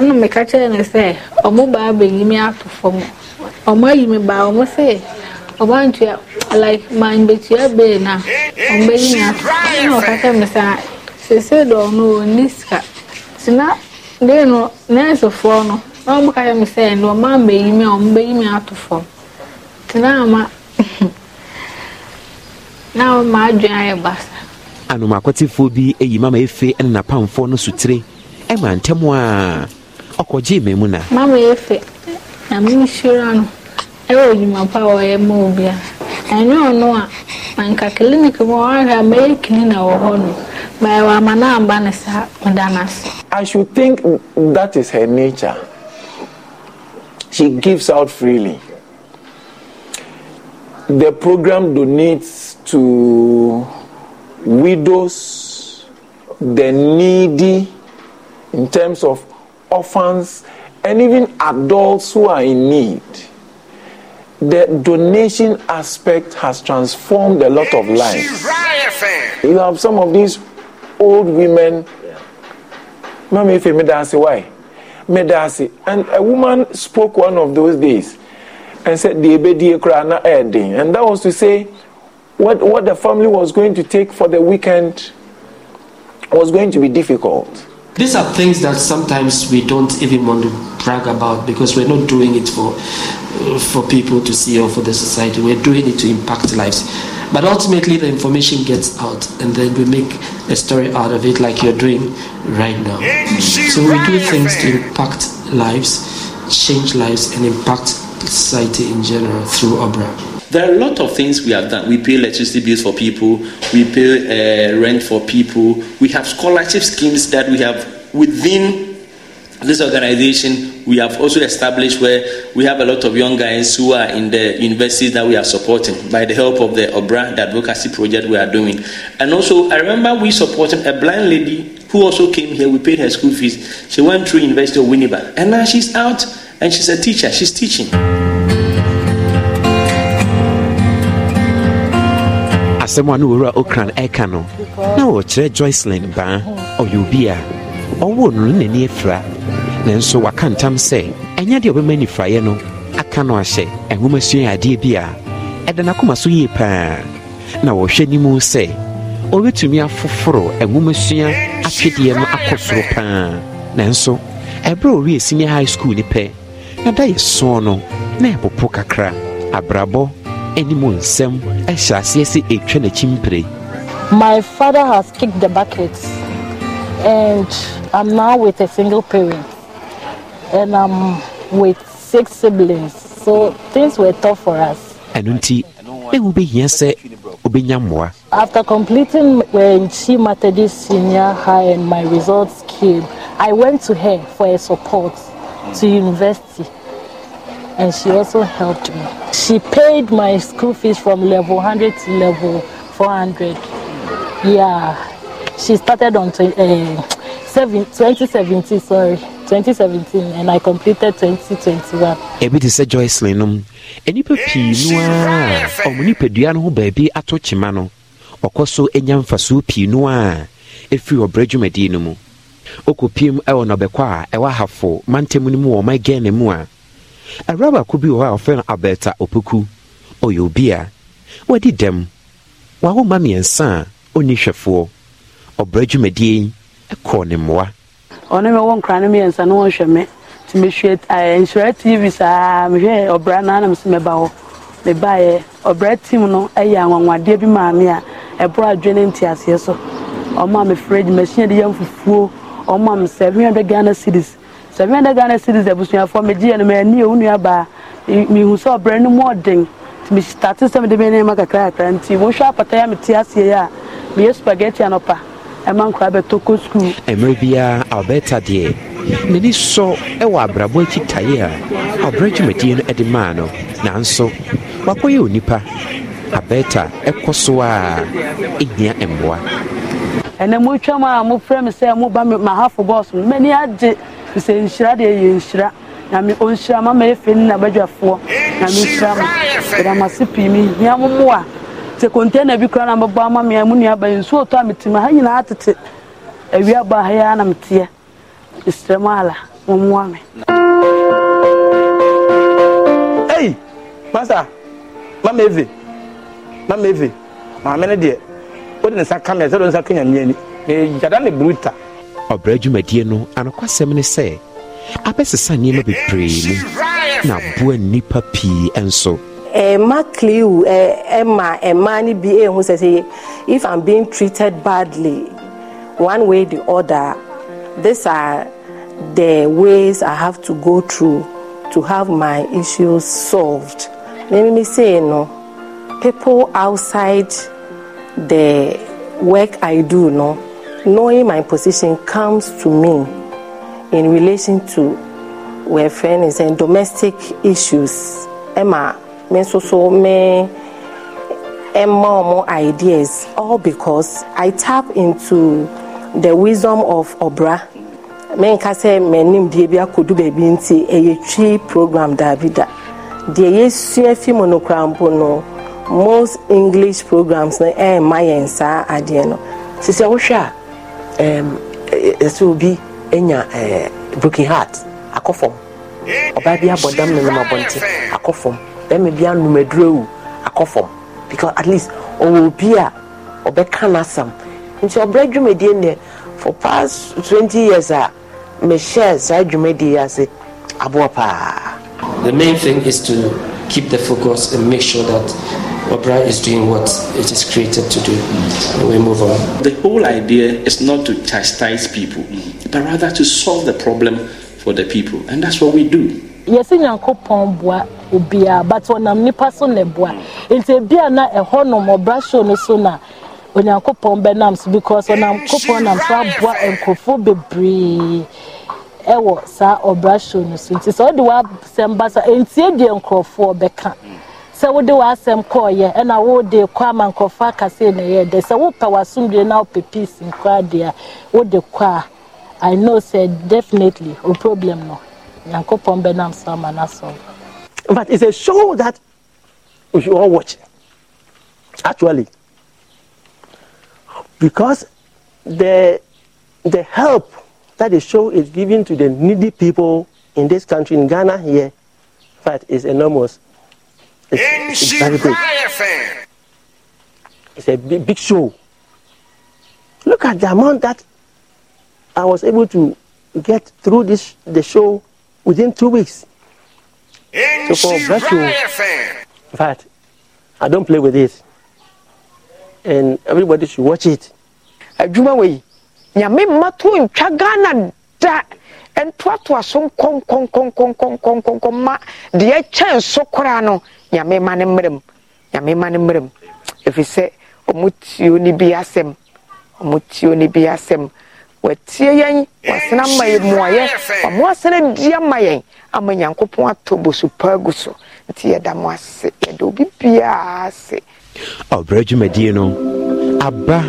ɛna meka kyerɛ ne sɛ ɔmo baa bɛyi ato fam ɔmo ayi mi baa ɔmo sɛ ɔbantua like man bɛtua na ɔmo ato ɛna ɔka kyerɛ sɛ sese si na no nɛɛsefoɔ no ɔmo ka kyerɛ me sɛ ɛna ɔmo ɔmo ato fam ama efe napamfoɔ no sotire ɛma ntɛm a. mama na pa a mu na I should think that is her nature she gives out freely the program donates to widows the needy in terms of orphans, and even adults who are in need. The donation aspect has transformed a lot of lives. You have some of these old women. Mommy, if you why? medase and a woman spoke one of those days and said the ebedie kura na e and that was to say what what the family was going to take for the weekend was going to be difficult These are things that sometimes we don't even want to brag about because we're not doing it for, for people to see or for the society. We're doing it to impact lives. But ultimately, the information gets out, and then we make a story out of it, like you're doing right now. So we do things to impact lives, change lives, and impact society in general through Obra. There are a lot of things we have done. We pay electricity bills for people, we pay uh, rent for people, we have scholarship schemes that we have within this organization. We have also established where we have a lot of young guys who are in the universities that we are supporting by the help of the Obra, the advocacy project we are doing. And also, I remember we supported a blind lady who also came here. We paid her school fees. She went through University of Winnipeg, and now she's out and she's a teacher. She's teaching. asɛm a na owura okran ɛka no na wɔkyerɛ joycelyn baa ɔyɛ obi a ɔwoo no no n'ani afira nanso waka ntam sɛ ɛnyɛ deɛ ɔbɛma nifraeɛ no aka no ahyɛ ɛnwoma sua adeɛ bi a ɛda n'akoma so yie paa na wɔhwɛ ni mu sɛ ɔbɛtumi afoforo ɛnwoma sua atwedeɛ no akɔ soro paa nanso ɛberɛ a ɔwie senior high school ni pɛ na da yɛ soɔ no na ɛpopo kakra abrabɔ animal nsɛm ɛhyɛ aseɛ sɛ ɛtwa n'akyi mpire my father has kicked the bucket and i'm now with a single parent and i'm with six siblings so things were tough for us ɛno nti ɛwu bɛhia sɛ wobɛnya mmoa after completing when she matadi senior high and my results came i went to her for a support to university and she also helped me. She paid my school fees from level 100 to level 400. Yeah, she started on uh, eh, 2017, sorry. 2017 and I completed 2021. Ebi te sɛ Joycelyn nom, nnipa pii no a ɔmo nipadua no ho baabi ato kyima no, ɔkɔ so anya mfasoɔ pii no a ɛfiri ɔbrɛ dwumadie no mu. Okɔpiem ɛwɔ nɔbɛkɔ a ɛwɔ ahafo mantam no mu wɔ ɔman Ghana mu a awura baako bi wɔ hɔ a wɔfrɛ no abɛɛta opoku ɔyɛ obi a wadi dɛm wawo ma mmiɛnsa a ɔnni hwɛfoɔ ɔbrɛ dwumadie yi ɛkɔɔ ne mmoa ɔne me wɔ nkra no mmiɛnsa na wɔhwɛ me nti mehwɛ nhyira tv saa mehwɛ ɔbra no anam sɛ mɛba hɔ mebaeɛ ɔbra tim no ɛyɛ anwanwadeɛ bi maa me a ɛboro adwene nteaseɛ so ɔma me fridge machine de yɛ mfufuo ɔma me 700 ghana cities sɛ mɛda ghana series abusuafoɔ megye yɛ no maani ɛ wo nuabaa mehu sɛ ɔbrɛ no mu ɔden nti mestate sɛ mede menema kakra kakra nti wohwɛ apata a mete aseɛ a meyɛ spaghetti anɔpa ɛma nkora bɛtɔ kɔ skul mmerɛ biara alberta deɛ n'ani sɔ wɔ abrabɔ akyitaeɛ a ɔbrɛ dwumadie no de maa no nanso wakɔyɛ onipa abɛɛta ɛkɔ so a ɛhia mmoa ɛnɛ motwam a mofrɛ me sɛ moba mahafo bɔs m'ani agye sɛ nhyira deɛ yɛ nhyira nyame ɔnhyira ma ma yɛfɛ ni nabadwafoɔ nyame nhyira mo ɛda ma se pii me hia mo mo a sɛ kɔntɛna bi kora na mbɛbɔ ama me a mu nuaba nsuo tɔ a metim ha nyinaa tete awia ba ha yi a na meteɛ ɛsrɛ mo ala mommoa me ei masa mama eve mama eve maame no deɛ wode ne nsa ka me sɛ wode nsa ka nyamea ni yada ne bruta ɔbrɛ dwumadie no anokwasɛm ne sɛ abɛsesa nneɛma bebree mu na aboa nnipa pii nso ɛma ɛma no bi ɛhu sɛ sɛ if i'm being treated badly one way the other these are the ways i have to go through to have my issues solved let me say you no know, people outside the work i do no knowing my position comes to me in relation to where welfare and domestic issues Emma. me so so me Emma more ideas all because I tap into the wisdom of Obra menka sɛ m'anim deɛ bi akɔdu baabi nti ɛyɛ twi program daabi da deɛ yɛsua fi mu no koraa mpo no most English programs no ɛɛma yɛn saa adeɛ no sisi a a ɛsɛ eh, obi nya eh, broken heart akɔ fam ɔbaa bi abɔ dam nenam abɔnten akɔ fam bɛrima bi anum adurowu akɔ fam because at least ɔwɔ obi a ɔbɛka n'asam nti ɔbrɛ dwumadie nnɛ for past twenty years a mehyɛ saa dwumadie ase aboɔ paa. the main thing is to keep the focus and make sure that. opera is doing what it is created to do. And we move on. The whole idea is not to chastise people, but rather to solve the problem for the people. And that's what we do. yɛsɛ nyankopɔn boa obiaa but ɔnam nipa person na ɛboa nti ebia na ɛhɔ nom ɔbra show no so na onyankopɔn bɛnam because ɔnyankopɔn nam so aboa nkurɔfoɔ bebree ɛwɔ sa ɔbra show no so nti sɛ ɔde w'asɛm ba sa ntie deɛ nkurɔfoɔ bɛka sɛ wode w'asɛm kɔɔyɛ ɛna wode kɔ ama nkurɔfoɔ akasee na ɛyɛ dɛ sɛ wopɛ w'asomdwe na wopɛ peace nkora deɛ a wode kɔ a i know sɛ definitely o problem no nyankopɔn bɛnam so ama no asɔre but it's a show that we should all watch actually because the the help that the show is giving to the needy people in this country in ghana here in fact is enormous It's, it's very big. It's a big, big show. Look at the amount that I was able to get through this the show within two weeks. So for Breakthrough, in fact, I don't play with it. And everybody should watch it. Adwuma wei, nyame mma to ntwa Ghana da ntoatoa so nkɔnkɔnkɔnkɔnkɔnkɔnkɔnkɔ ma deɛ kyɛn so koraa no nyame ma ne mmerɛ mu nyame ma ne mmerɛ mu ɛfiri sɛ ɔmo tio ne bi asɛm ɔmo tio ne bi asɛm watie yɛn wasena ama yɛn mmuayɛ ɔmo asena di ama yɛn ama nyankopɔn atɔ bosu paa gu so nti yɛda mo ase yɛda obi biara ase. ɔbrɛ dwumadie no aba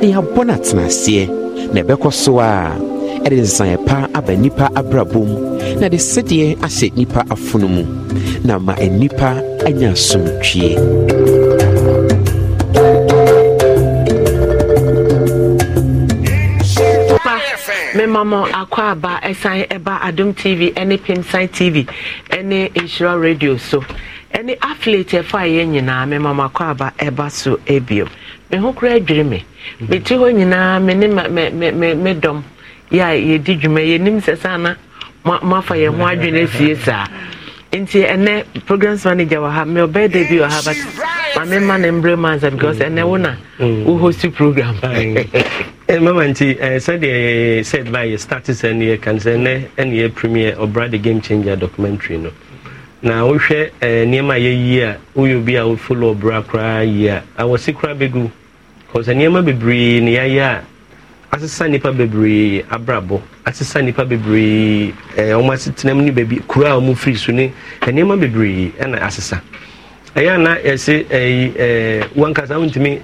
na yɛabɔ no atenaseɛ na ɛbɛkɔ so a ɛde nsaeɛ pa aba nnipa abrabɔ mu na de sedeɛ ahyɛ nnipa afono mu na ma nnipa anya asomtwie mema akɔ aba ɛsan ɛba adom tv ɛne pimsan tv ɛne nhyira radio so ɛne affiliate ɛfa a yɛ nyinaa mema mo akɔ aba ɛba so ebio me ho kora adwiri me mete hɔ nyinaa me ne me me me me dɔm yɛ a yɛdi dwuma yɛnim sɛ saa na moafa yɛn ho adwene sie saa nti ɛnɛ programs manager wɔ ha mɛ ɔbɛɛ da bi wɔ ha but maame ma ne mbrɛ ma ansa because ɛnɛ wo na mm. wo host program. Eh, mama nti eh, sɛdeɛ yɛ said by yɛ start sɛ ne yɛ kan sɛ ɛnɛ ɛne yɛ premier ɔbra the game changer documentary no na wohwɛ eh, nneɛma a yɛyi a woyɛ obi a wofolo ɔbra koraa yi a awɔse koraa bɛgu kɔsɛ nneɛma bebree ne yɛayɛ a asesa nipa bebree abrabɔ asesa nipa bebree ɛɛ eh, wɔn asetenam ne baabi kura a wɔn firi so ne eh, nneɛma bebree ɛna asesa ɛyɛ ana yɛsi ɛyi eh, ɛɛ wankasa ntumi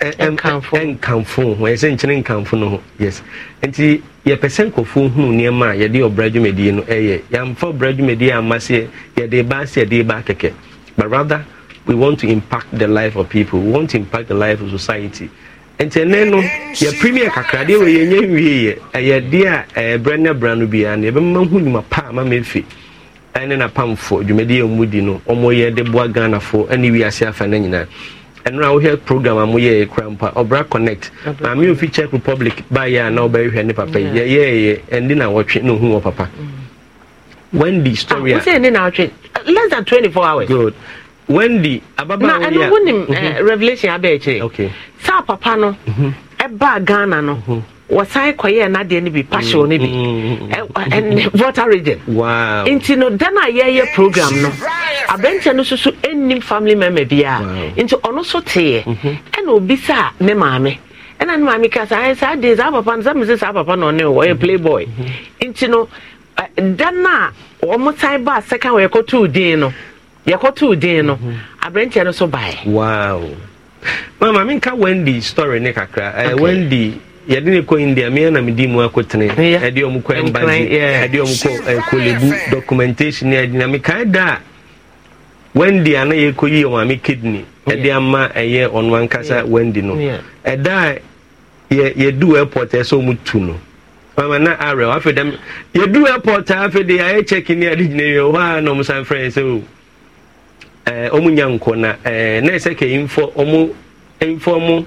ɛnkanfo ɛnkanfo ho yɛsɛ nkyɛn nkanfo no ho yes nti yɛpɛ sɛ nkɔfo hunu nneɛma a yɛde ɔbra dwumadie no ɛyɛ yɛnfa ɔbra dwumadie a ama se yɛde ba ase yɛde ba kɛkɛ but rather we want to impact the life of people we want to impact the life of society ntɛnɛn no yɛ premier kakradeɛ wɔ yɛnyɛ nwieɛ ɛyɛ deɛ a ɛyɛ brɛ ne brɛ no biara no yɛbɛma ho nnwuma pa ama ma efi ɛne n'apamfoɔ dwumadie a wɔn di no wɔn yɛ de boa ghanafoɔ ɛne wiase afa no nyinaa ɛnura wohɛ program a moyɛɛ kora mpa ɔbra connect maame ofi czech republic baayɛ a na ɔbɛhwɛ ne papa yi yɛyɛɛyɛ ɛnde na wɔtwe ne ohu wɔ papa mm. wendy story ah, a less than twenty four hours good wendy ababaawa yi a na ɛno wonim mhm. eh, revolution abɛɛkyerɛ saa papa no mhm. ɛbaa ghana no mhm. wɔsan kɔyɛɛ n'adeɛ no bi passion no bi volta mm. region nti no dan a yɛyɛ program no aberanteɛ no soso ɛnnim family member biara nti ɔno so teɛ ɛna obi sa ne maame ɛna ne maame ka saa saa de saa papa no saa mesɛ saa papa no ɔne ɔyɛ playboy nti no dan a wɔn san baa second wɔyɛ two din no yɛkɔtoo din no mhm. aberanteɛ no so baeɛ wow mama menka wendy story ne kakra eh, wendy yɛde ne kɔ india meɛ na medi mu akɔtene ɛde ɔm kɔ embasy ɛde ɔm kɔ eh, kolebu documentation ne ade na mekae da a wendy ana yɛkɔyi yɛ maame kidney ɛde ama ɛyɛ ɔno ankasa wendy no ɛda a yɛdu airport ɛsɛ ɔmu tu no mama na arɛ afei dɛm yɛdu airport a afei de ayɛ check ne ade gyina yɛ hɔ a na ɔm frɛ sɛ o oh, ɔmo nya nkɔna oh, eh, na ɛsɛ ka info ɔmo inform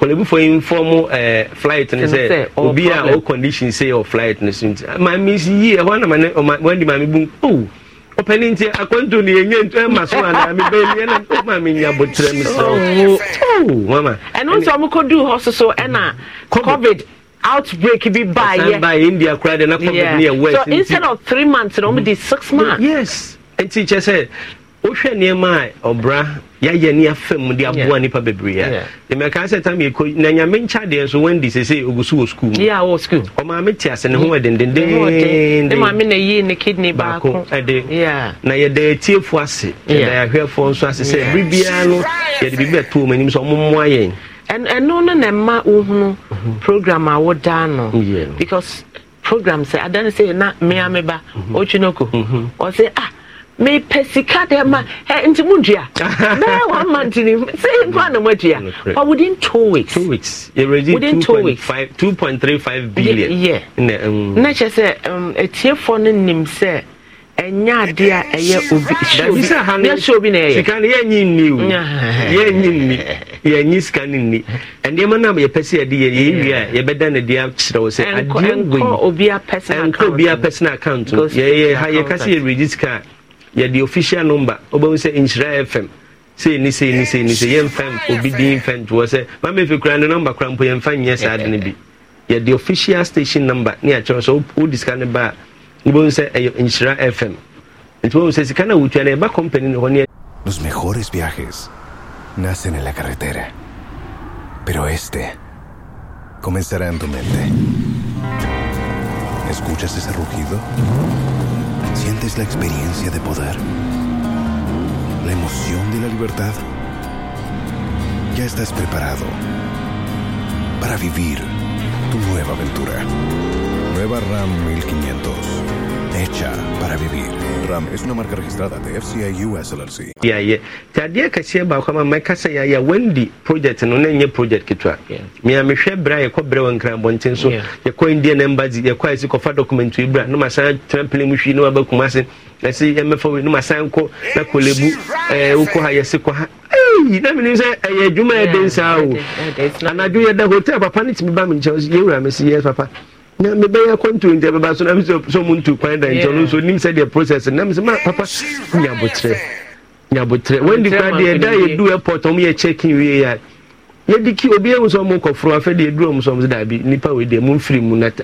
kɔlɛbifo inform flight ne sɛ obi a o condition say ɔ flight ne so nti maame si yie ɛhɔ na maame ɔma wɔndi maame bu o ɔpɛni nti akɔnto ne enye nto ɛma so a na maame bɛyi mi ɛna maame nya abotire mi sɛ ɔwɔ mama. ɛnu nso ɔmo kɔ du hɔ soso ɛna covid. outbreak bi ba yɛ ba yɛ india kura de na covid ni yɛ west so instead of three months na ɔmo di six months. yes nti kyɛ sɛ wohwɛ nneɛma a ɔbra yɛayɛ ne afa mu de aboa nipa bebree a mmɛka sɛ tam yɛkɔ na nyame nkya deɛ nso wandi sesei ɔgu so wɔ skuul mu ɔmaa me te ase ne ho wɔ dendendendbaako ɛde na yɛda atiefoɔ ase yɛda yɛahwɛfoɔ nso ase sɛ bere biara no yɛde biribi ɛtoo m'anim sɛ ɔmommoa yɛn ɛno no na ɛma wohunu mhm. program a wodaa no because program sɛ adane sɛ na mea me ba ɔtwi mhm. no ko mhm. ɔsɛ ah mepɛ pesika dɛ ma ɛ nti mu dua bɛɛ one month ni se nkura na mo dua but within two weeks two weeks eredi within two weeks two point three five billion yɛ um, na kyɛ sɛ um, etiefoɔ no nim sɛ ɛnyɛ adeɛ a ɛyɛ obi yɛhyɛ obi na ɛyɛ sika no yɛnyi nni o yɛnyi nni yɛnyi sika no nni nneɛma no a yɛpɛ sɛ yɛde yɛ yɛwie a yɛbɛda no deɛ akyerɛ wo sɛ adeɛ wei ɛnkɔ obi apɛ sena account no yɛyɛ ha yɛka sɛ yɛredi sika yɛde official number wobɛhu sɛ nhyira fm sei ni sei ni sei ni sei yɛmfa obi din mfa ntoɔ sɛ mamɛfi koraa no number kora mpo fa nyɛ saa de no bi yɛde official station number ne akyerɛ sɛ wodi sika ne ba a wobɛhu sɛ ɛyɛ nhyira fm nti wobɛhu sɛ sika na a wotua no ɛba company ne hɔ ne Los mejores viajes nacen en la carretera, pero este comenzará en tu mente. ¿Escuchas ese rugido? Sientes la experiencia de poder, la emoción de la libertad. Ya estás preparado para vivir tu nueva aventura. Nueva RAM 1500 hecha para vivir. Ram es una marca registrada de FCI US LLC. Yeah, yeah. Yadeɛ kɛseɛ baako ama mɛkasa ya ya Wendy project no na nyɛ project ketewa. Mia mehwɛ ya a yɛkɔ berɛ wɔ nkran bɔnten so yɛkɔ ya embassy yɛkɔ ɛsi kɔfa document yi bra ma san tɛn mu hwi na waba kuma ase ya ɛmɛfa wei na ma san kɔ na kɔlebu ɛɛ eh, wokɔ ha yɛsi kɔ ha. Eyi na mene sɛ eh, ya adwuma ya den saa o. Anadwo ya da hotel papa ne tumi ba mi nkyɛn yɛwura mi si yɛ papa. na mebɛyɛ kɔntu nti ɛbɛba so na mesɛ sɛ mu ntu kwan da nti ɔno nso nim sɛdeɛ process na mesɛ ma papa wonya abotrɛ nya abotrɛ wandi kora deɛ ɛda yɛdu airport ɔm yɛ checkin wie a yɛdi ki obi ɛhu sɛ ɔmo nkɔforo afɛ deɛ ɛduru ɔm sɛ sɛ daabi nipa wei deɛ momfiri mu nata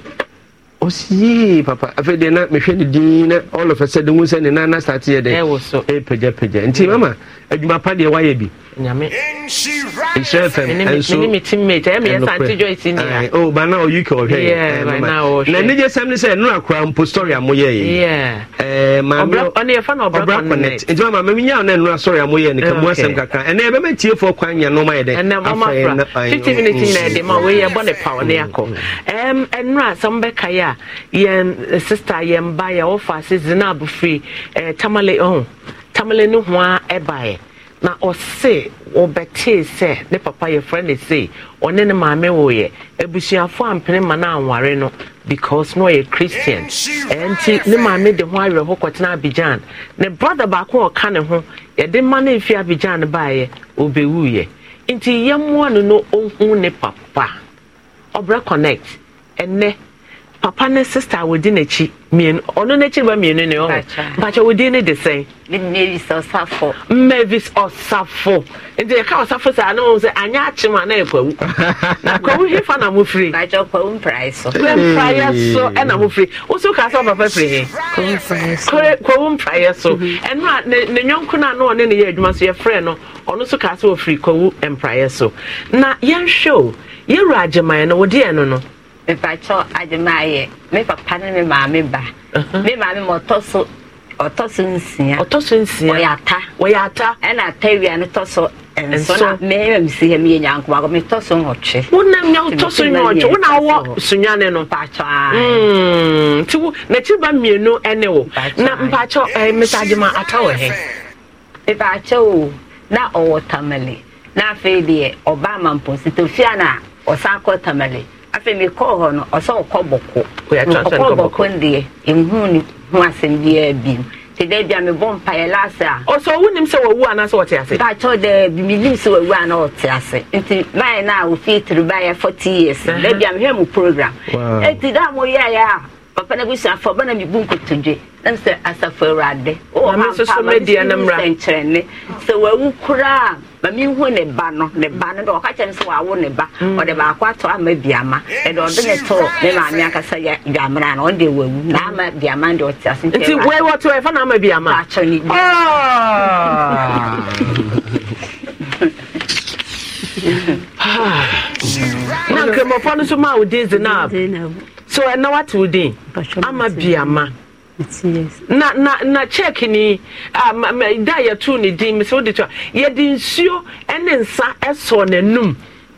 ɔsi papa afɛ deɛ na mehwɛ ne din na all of a sudden hu sɛ ne nana start yɛ dɛ ɛpagyapagya nti mama adwuma pa deɛ wayɛ bi nyame nhyɛ fam nso ne mi teammate ɛyɛ eh, mi yɛ santi joyce ni eh, ya o ba na o uk ɔhwɛ yɛ na ne gye sɛm ne sɛ nura kura mpo story a mo yɛ yɛ ɛɛ maame ɔne yɛ fa na ɔbra connect nti maame maame nya ɔna nura story a mo yɛ ne ka mo asɛm kakra ɛnɛ ɛbɛ mɛ tie fo kwan nya no ma yɛ dɛ ɛnɛ mo ma fura fifty minutes na ɛde ma o yɛ bɔ ne pa ɔne akɔ ɛm ɛnura sɛm bɛ ka yɛ a yɛn sista yɛn ba yɛ ɔfa ase zinab free ɛɛ tamale ɔn tamale ne ho a ɛbaeɛ na ɔse ɔbɛtee sɛ ne papa yɛfrɛ ne sei ɔne ne maame wɔyɛ abusuafoɔ ampene ma no anware no because na ɔyɛ christian ɛnti ne maame de ho awerɛhɔ kɔtena abidjan ne brother baako ɔka ne ho yɛde ma no mfi abidjan baeɛ ɔbɛwuiɛ nti yɛmmoa no no ɔhu ne papa ɔbrɛ connect ɛnɛ papa ne sister a wodi n'akyi mmienu ɔno n'akyi ba mmienu ne ɔho mpakyɛ wodi ne de sɛn. mavis ɔsafo. mavis ɔsafo nti yɛka ɔsafo sɛ anam sɛ anya akye mu anayɛ kwawu na kwawu hefa na mo firi. mpakyɛ kwawu mpraeɛ so. kwawu mpraeɛ so ɛna mo firi woso kaa sɛ papa firi he. kwawu mpraeɛ so mhm. ɛno a ne ne nyɔnko na ano ɔne ne yɛ adwuma so yɛfrɛ no ɔno so kaa sɛ ɔfiri kwawu mpraeɛ so na yɛnhwɛ o yɛwura agyeman no wodi yɛn no no. mepakyɛ agyema ayɛ ne me maame ba uh-huh. me maame ma ɔtɔ so ɔtɔ so nsia ɔtɔ so nsia ɔyɛ ata ɔyɛ ata ɛna ata tɔ so nso na mmarima mi si ha yɛ akɔ mi tɔ so nwɔtwe. so nwɔtwe awɔ no. Hmm. mmienu ɛne wo na mpakyɛ ɛɛ eh, mr adjuma ata wɔ hɛ. o na ɔwɔ tamale deɛ ɔbaa afei mekɔɔ hɔ no ɔsɛ ɔkɔ bɔkɔ ɔkɔ bɔkɔ ndeɛ ɛnhuu ne ho asɛm biara biom te dɛ bia mebɔ mpaeɛ laase a ɔsɛ wonim sɛ wawu anaasɛ wɔte ase bakyɛw dɛ bi sɛ wawu ana ɔte ase nti baɛ no a wɔfie tiri baɛ 40 years da bia mehwɛ mu program ɛnti da a moyɛeɛ ya, papa na no abusuafoɔ bɛna mebu nkotodwe ɛm sɛ asafo awurade wɔ hɔ nsɛnkyerɛnne sɛ wawu koraa ma menhu ne ba no ne ba no dɛ ɔka kyɛ no sɛ wawo ne ba ɔde mm. baako atɔ ama biama ɛde ɔde ne tɔ ne maame akasa yɛ dwamena no ɔno deɛ wawu na ama biama de ɔte ase nti wei wɔto ɛfa e no ama biama akyɛ ne bi ah! na nkramɔfoɔ no so maa wo din zenab so ɛna wate wo din ama biama na na na check ni um, da yɛtoo ne din mesɛ wode to a yɛde nsuo ne nsa sɔɔ n'anum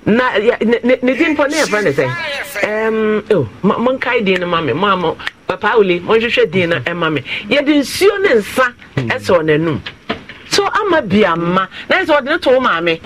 na ne din pɔ ne yɛfrɛ ne sɛ oh, monkae din no ma me mo a papa ole monhwehwɛ din no ɛma me yɛde nsuo ne nsa sɔɔ n'anum so ama bi ama na yɛ sɛ ɔde ne to wo maame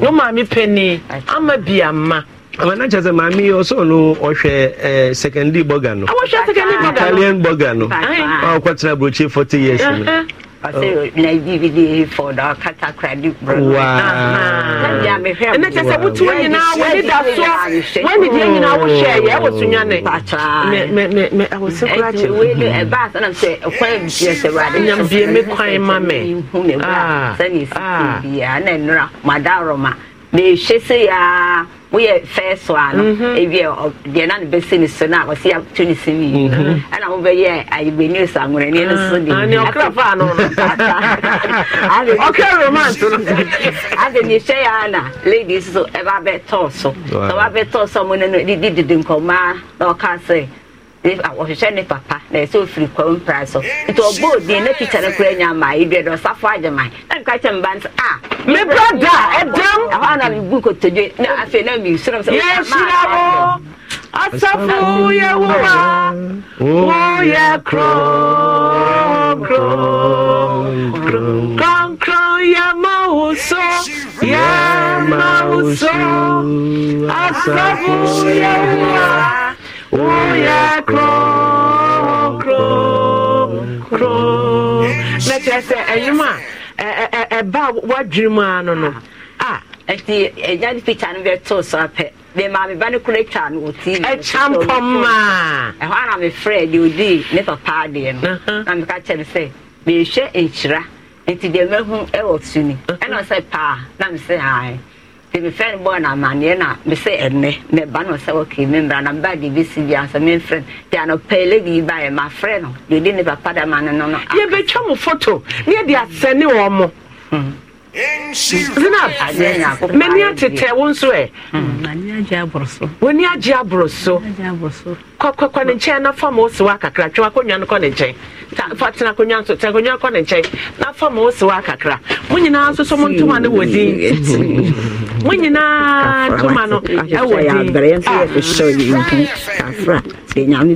wo maame pani ama bi ama ama na kyerɛ sɛ maame yi ɔsɛ ɔno ɔhwɛ secondary burger no italian burger no a ɔkɔtena aburokyi forty years no uh-huh. ɔsɛ na bibidi fɔ dɔ kata kura di burɔ na ah, ah. ɛnɛ kyɛ sɛ wotuo nyinaa wɔne da soɔ wɔne deɛ nyinaa wohyɛ yɛ ɛwɔ sunya ne mɛ ɛwɔ se kura kyerɛ wele ɛbaa sɛ nam sɛ ɛkwan bie sɛ wade nyambie me kwan ma mɛ ah, sɛne ɛsi bia na ɛnora mada rɔma na ɛhyɛ sɛ yaa moyɛ fɛɛ so a no mhm. ebiɛ deɛ na ne bɛsi ne so no a wɔsi ato ne si nii ɛna mobɛyɛ ayibeni osa aŋorani no so de ɔkra romance no ade ne hyɛ yɛ na ladies so ɛba e bɛtɔɔ so sɛ wɔabɛtɔɔ so mo no didi didi nkɔmaa na ɔka sɛ ɔhwehwɛ ah, ne papa na ɛsɛ ofiri kwam pra so nti ɔbɔ odin na pita no kora nya ma edua dɛ ɔsafo agyama na nka kyɛ mba nsa a ah, me brada ɛdam ɛhɔ na me bu kotodwe na afei na mi soro sɛ yɛhyira wo asafo yɛ wo ha woyɛ kron kron kron kron yɛ ma wo so yɛ ma wo so asafo yɛ wo ha woyɛ krom krom krom na kyerɛ sɛ ɛyom a ɛba woadwiri mu a no no ɛti ɛnya de picture no bɛtoo so apɛ mema meba no kora twa no ɔtii ɛkya mpɔmaa ɛhɔ ana mefrɛ deɛ ɔdii ne papa adeɛ no na meka kyɛ no sɛ merehwɛ nkyira nti deɛ mahu ɛwɔ e su ni ɛna ɔsɛ paa na mesɛ ae mefrɛ no bɔɔ no amanneɛ no a mesɛ ɛnɛ meba no sɛ okay membra na meba de bɛsi bia sɛ memfrɛ no ano anɔpɛi lady yi baɛ mafrɛ no deɛde ne papa dama no no no yɛbɛtwa mo foto ne yɛde asɛne wɔ mo Zina Adenya, many a tete won so e. Mani agye aboro so. Woni agye aboro so. Kɔ kɔ nkyɛn na fam osi kakra, twɛ akonnwa no kɔ ne nkyɛn. Ta fa tena akonnwa nso, tena akonnwa kɔ ne nkyɛn. Na fam osi kakra. Mo nyinaa nso so mo ntoma no wɔ din. Mo nyinaa ntoma no ɛwɔ din. Abɛrɛ yɛn nso yɛ fɛhyɛ yi nti.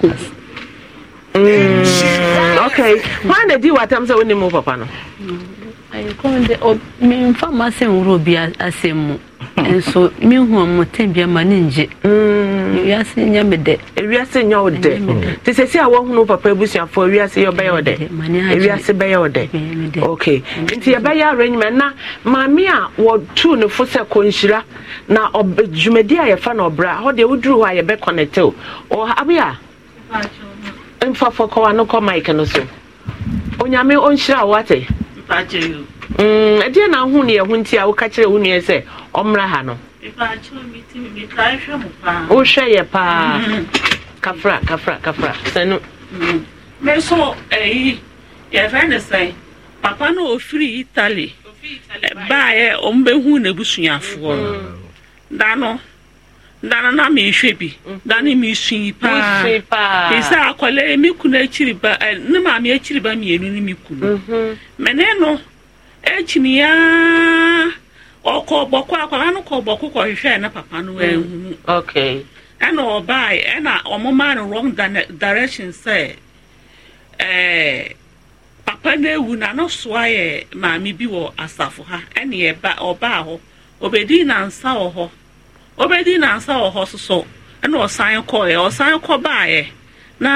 Afra, Mm. okay hwan na di watam sɛ wonim wo papa no memfa masɛm worɔ bi asɛm mu nso mehu mmɔtɛn bi ama ne ngye mm. wiase nyɛ me dɛ wiase nyɛ wo dɛ nti sɛ si a woahunu papa abusuafoɔ wiase yɛ ɔbɛyɛ wo dɛ wiase bɛyɛ wo dɛ ok nti yɛbɛyɛ arrangement na maame a wɔtuu ne fo sɛ kɔnhyira na dwumadi a yɛfa no ɔbrɛ hɔ deɛ woduru hɔ a yɛbɛkɔnɛtew ɔhabe a mfafọ kọwa n'ụkọ maịkị no so onyame onhyira wo ate ɛdeɛ mm, na ho ne ɛho nti a woka kyerɛ wo nua sɛ ɔmmra ha no wohwɛ yɛ paa mm-hmm. kafra kafra kafra sɛno mm-hmm. me nso ɛyi yɛfrɛ ne sɛ papa no ɔfiri italy baeɛ ɔmbɛhu n'abusuafoɔ no da no dana na mehwɛ bi mhm. dane mesui paa ɛsɛ akwadaa me kunu akyiri ba ne maame akyiri ba mmienu ne me kunu mhm. mene no akyini yaa ɔkɔ bɔkɔ akwadaa no kɔ bɔkɔ kɔhwehwɛ ne papa no mm. anhu ɛna ɔbae ɛna ɔmomaa no wrong direction sɛ ɛɛ papa no awu na no soa yɛ maame bi wɔ asafo ha ɛne ɔbaa hɔ obedi nsa wɔ hɔ obedi na asa wɔ hɔ soso ɛna ɔsan kɔɛ ɔsan kɔ e. baayɛ na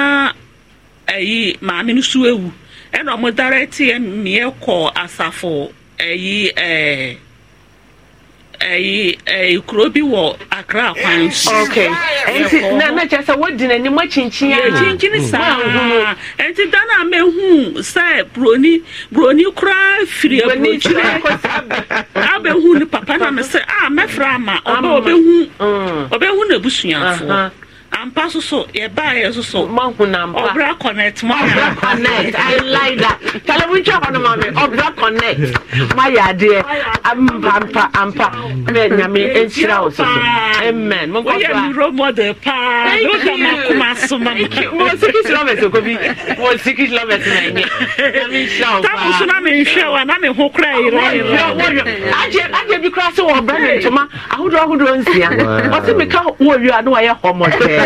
ɛyi maame no so ewu ɛna ɔmo dara tie mmea kɔ asafo ɛyi ɛɛ. Eh, ɛyi ɛyi kuro bi wɔ akra kwan so. ok nti na na kyerɛ sɛ wodi n'anim akyinkyin a. akyinkyin mm. saa nti dan a mehu sɛ buroni buroni kura firi aburokyire abɛhu ni papa na me sɛ a ah, mɛfra ama ɔbɛ ɔbɛhu na n'abusuafo. ampa soso yɛbaayɛ soso ɔbra connect moayɛ connect i like that telemuntwa hɔ no ma me ɔbra connect moayɛ adeɛ ampa ampa ampa ɛnɛ nyame ɛnhyira wo soso amen woyɛ me role model paa ne woda makoma so ma mosiki slovers ɔkɔ bi mosiki slovers na ɛnyɛ nyame nhyira wo paa so na menhwɛ wa na me ho kora yerɛ agye bi koraa sɛ wɔ ɔbra ne ntoma ahodoɔ ahodoɔ nsia ɔse meka wɔ wie a ne wayɛ hɔmmɔtɛɛ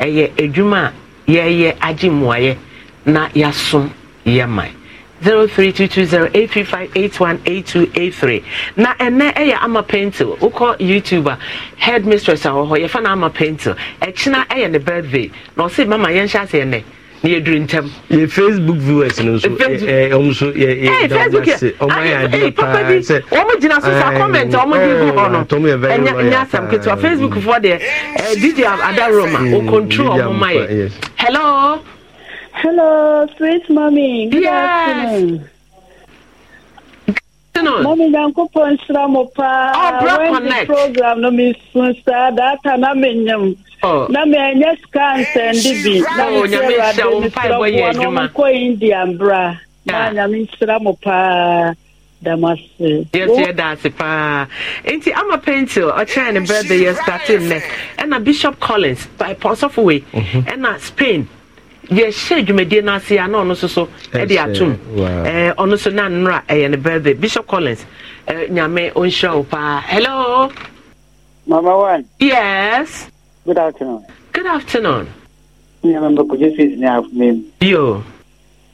ɛyɛ adwuma a yɛyɛ agye mmuayɛ na yɛasom yɛ man 03220835818283 na ɛnɛ ɛyɛ ama pentil wokɔ youtube a head mistress a wɔ hɔ yɛfa no ama pentil ɛkyena ɛyɛ ne birthday na ɔse mama yɛnhyɛ ase ɛnɛ ni yɛduru ntɛm. yɛ facebook viewers no nso eh, ɛ eh, ɔmo nso yɛ yɛ eh, dɔn ase ɔmo ah, ayɛ adeɛ paa sɛ ɔmo gyina so sa comment ɔmo di gu hɔ no ɛnya ɛnya asɛm ketewa facebook foɔ deɛ ɛ mm. dj adaroma mm. o control ɔmo ma yɛ hello. hello sweet mami good yes. afternoon afternoon. Mami Nyankopɔn nhyira mo paa. Ah, Ọbra connect. Wẹ́n di program na mi sun saa data na mi nyam. Oh. Na mi ẹ̀yẹ sika nsẹ̀ndí bi. Na mi sẹ́ Ẹ̀rọ̀dẹ̀ mi sọ̀rọ̀ wọn na ah. mo kọ́ India mbra. Na Nyame nhyira mo paa. Damasi. Yes, oh. yeah, that's it. Enti ama pentil ɔkyerɛ ne birthday yɛ starting nɛ Bishop Collins by Ponsofoway ɛna mm-hmm. Spain yɛhyɛ dwumadie no ase a na ɔno nso so de atom ɔno nso na nnora ɛyɛ ne birthday bishop collins nyame ɔnhyira wo paa hello mama one yes good afternoon good afternoon nyame mbɛkɔgye fees ne afomem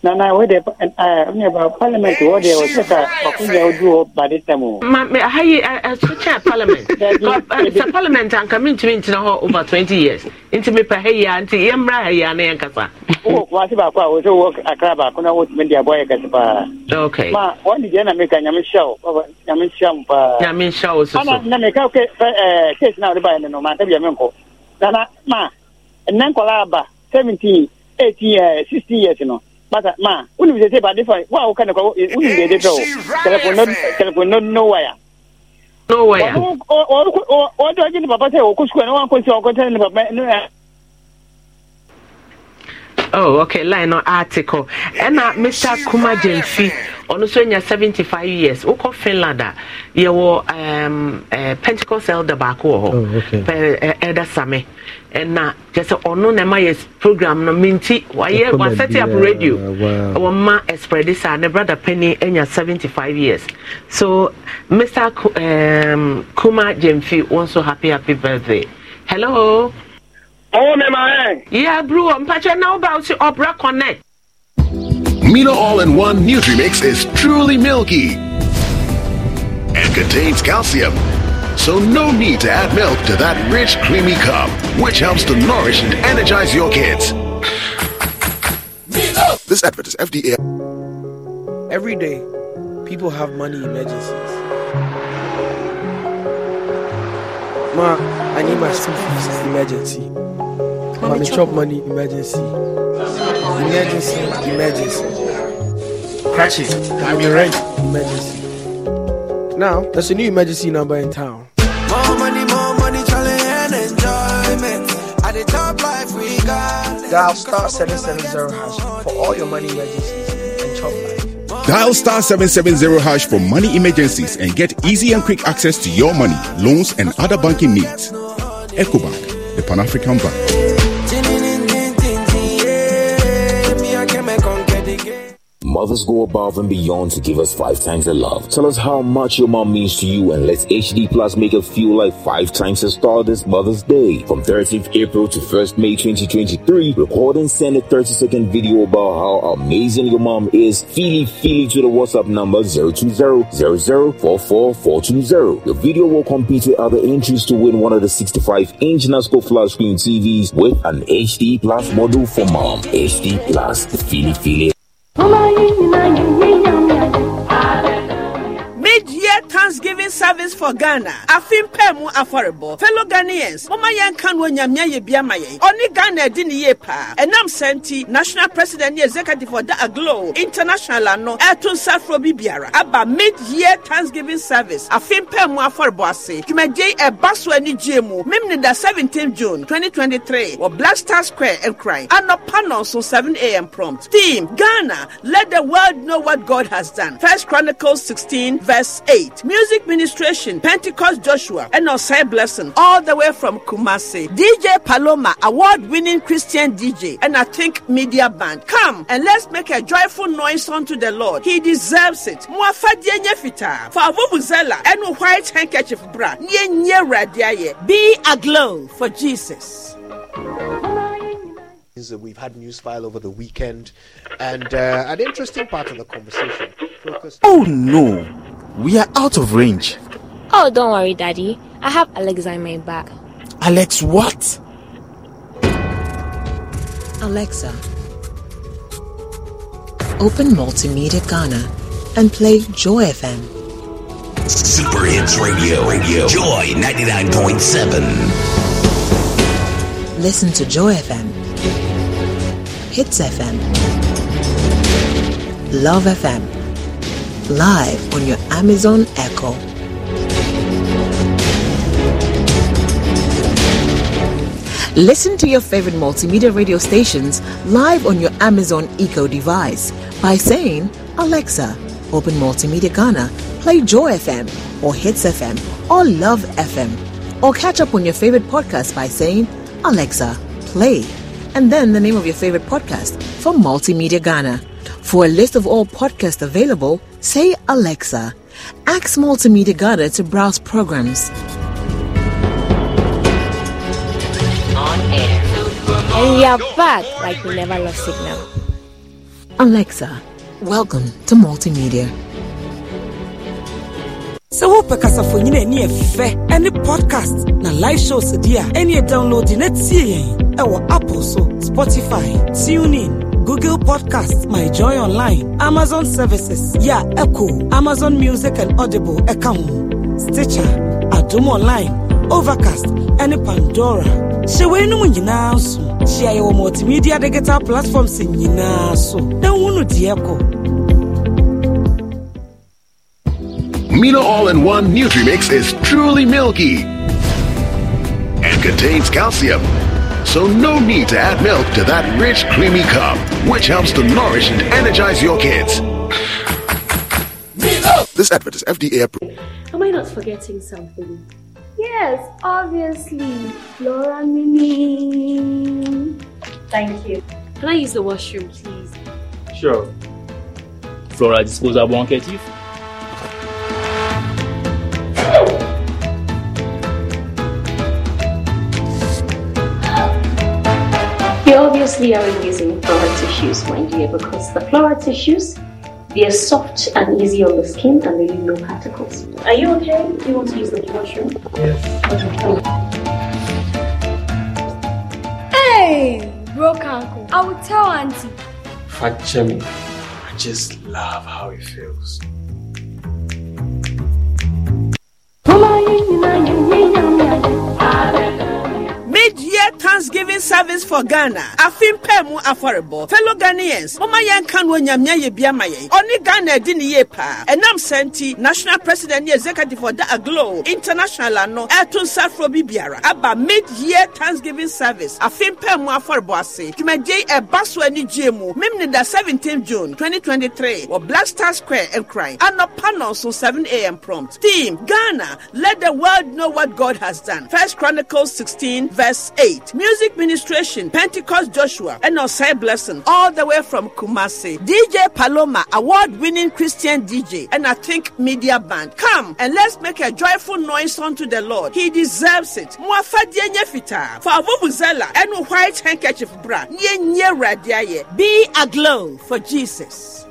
na na wo de eh ne ba parliament wo de wo sika okunja odu o by this time o oh. ma me ha yi sika parliament sa uh, parliament an ka mintimi ntina ho over 20 years nti me pa ha yi anti ye mra ha yi an yan kasa wo oh, kwa si ba kwa wo so wo akra ba kuna wo timi dia boy kasa pa okay ma wo ni je na me ka nyame shaw baba nyame shaw pa nyame shaw so so ah, na me ka ke eh case na wo ba ne no ma tabi me nko na na ma nan kola ba 17 18 years 16 years no mata ma wuli bi se ba de fa wa o kana ko wuli bi de fa o telephone no telephone no no wire no wire o o o o do ni baba se o ku sku na wan ko se o ko tele ni baba ni oh okay line no article ɛna mr kuma jemfi ɔno nso anya seventy five years wokɔ finland a ah, yɛwɔ um, uh, eh, pentecost elder baako wɔ hɔ oh, eh, elder same ɛna kyɛ sɛ ɔno na ɛma yɛ program no menti wayɛ wasɛte up radio wɔma ɛsprɛde saa ah, ne brother penny anya seventy five years so mr um, kuma jemfi wɔn nso happy happy birthday hello. Oh, my man. Yeah, bro. I'm patching now about Opera oh, Connect. Milo All-in-One Nutrimix is truly milky and contains calcium. So no need to add milk to that rich, creamy cup, which helps to nourish and energize your kids. This advert is FDA. Every day, people have money emergencies. Ma, I need my school fees emergency. Mommy chop money, emergency. Emergency, emergency. Catch it. I'm your rent, emergency. Now, there's a new emergency number in town. More money, more money, challenge and enjoyment. At the top life we got. Dial star 770 hash for all your money emergencies and chop life. Dial star 770 hash for money emergencies and get easy and quick access to your money, loans, and other banking needs. EcoBank, the Pan African Bank. mothers go above and beyond to give us five times the love. Tell us how much your mom means to you and let's HD Plus make it feel like five times the star this Mother's Day. From 13th April to 1st May 2023, record and send a 30 second video about how amazing your mom is. Feely feely to the WhatsApp number 020 Your video will compete with other entries to win one of the 65 inch NASCO flat screen TVs with an HD Plus model for mom. HD Plus, feely feely Mama, ich bin giving service for ghana afimpɛ mu affordable. fellow ghanaians moma yɛn ka no onyamea yɛ ghana ɛdi ne yie paa senti national president ne executive of da aglo international ano ɛto nsaforo bi biara aba mid year thanksgiving service afimpɛ mu afɔrebɔ ase dwumadie ɛba e so ani gye mu mem ne da 17 june 2023 wɔ black star square nkran anɔpa nɔnso 7am prompt Team ghana let the world know what god has done first chronicles 16 verse 8 music Music Ministration, Pentecost Joshua, and side Blessing, all the way from Kumasi. DJ Paloma, award winning Christian DJ, and I think media band. Come and let's make a joyful noise unto the Lord. He deserves it. Mwafadianyefita, for Vuvuzela, and white handkerchief bra. Be aglow for Jesus. We've had news file over the weekend, and uh, an interesting part of the conversation. Focused- oh no! We are out of range. Oh, don't worry, Daddy. I have Alexa in my bag. Alex, what? Alexa, open Multimedia Ghana and play Joy FM. Super Hits Radio, Radio. Joy 99.7. Listen to Joy FM, Hits FM, Love FM live on your Amazon Echo. Listen to your favorite multimedia radio stations live on your Amazon Echo device by saying, Alexa, open Multimedia Ghana, play Joy FM, or Hits FM, or Love FM. Or catch up on your favorite podcast by saying, Alexa, play, and then the name of your favorite podcast from Multimedia Ghana. For a list of all podcasts available, say Alexa. Ask Multimedia Ghana to browse programs. On air. And we are back like we never lost signal. Alexa, welcome to Multimedia. sɛ wopɛ kasafonyina any ɛfɛ any podcast na live shows deɛ any downloading download na tie apple so spotify in. Google Podcasts, My Joy Online, Amazon Services, Yeah, Echo, Amazon Music and Audible, Ekamu, Stitcher, Adumo Online, Overcast, and Pandora. hyɛ nom nyinaa so hyia yɛwɔ multimedia digital platforms nyinaa so na wunu deɛ kɔ Mino All-in-One Nutrimix is truly milky and contains calcium so no need to add milk to that rich, creamy cup, which helps to nourish and energize your kids. This advert is FDA approved. Am I not forgetting something? Yes, obviously. Flora Mini. Thank you. Can I use the washroom, please? Sure. Flora disposal blanket, if obviously are using floral tissues, my dear, because the floral tissues they are soft and easy on the skin and they leave no particles. Are you okay? Do you want to use the washroom? Yes. Hey, broke uncle. I will tell auntie. Fact me. I just love how it feels. Mid third Thanksgiving service for Ghana. Afim Pemu Affordable. Fellow Ghanaians, Mama Yankan Wanyamya Yebiamaye. Only Ghana Dini Yepa. Enam Senti, National President Executive for the Aglo, International Ano, Elton Safro Bibiara. Abba mid year Thanksgiving service. Afim Pemu Affordable Ase. Kimaje Ebaswa Ni Jemu. Mimni da 17th June 2023. Or Black Star Square and Crying. Ano Panos on 7 a.m. prompt. Team Ghana, let the world know what God has done. First Chronicles 16, verse 8. Music Ministration, Pentecost Joshua, and Osai Blessing, all the way from Kumasi. DJ Paloma, award winning Christian DJ, and I think media band. Come and let's make a joyful noise unto the Lord. He deserves it. Mwafadianyefita, for Vuvuzela, and white handkerchief bra. Be aglow for Jesus.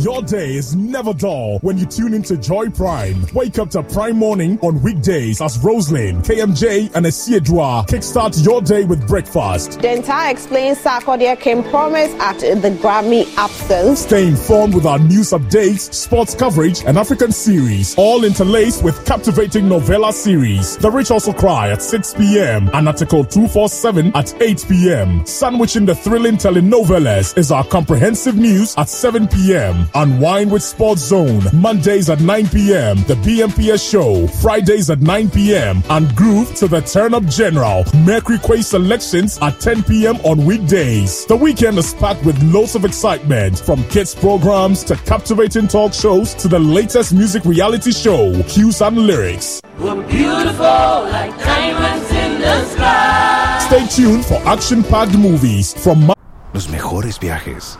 Your day is never dull when you tune into Joy Prime. Wake up to Prime Morning on weekdays as Roselyn, KMJ, and Esiedua kickstart your day with breakfast. Denta explains Sarkodia came promise at the Grammy absence. Stay informed with our news updates, sports coverage, and African series, all interlaced with captivating novella series. The Rich Also Cry at 6 p.m. and Article 247 at 8 p.m. Sandwiching the thrilling telenovelas is our comprehensive news at 7 p.m on Wine with Sports Zone, Mondays at 9 p.m., the BMPS Show, Fridays at 9 p.m., and Groove to the Turn Up General, Mercury Quay selections at 10 p.m. on weekdays. The weekend is packed with loads of excitement, from kids' programs to captivating talk shows to the latest music reality show, Cues and Lyrics. We're beautiful like diamonds in the sky. Stay tuned for action-packed movies from... Los mejores viajes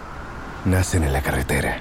nacen en la carretera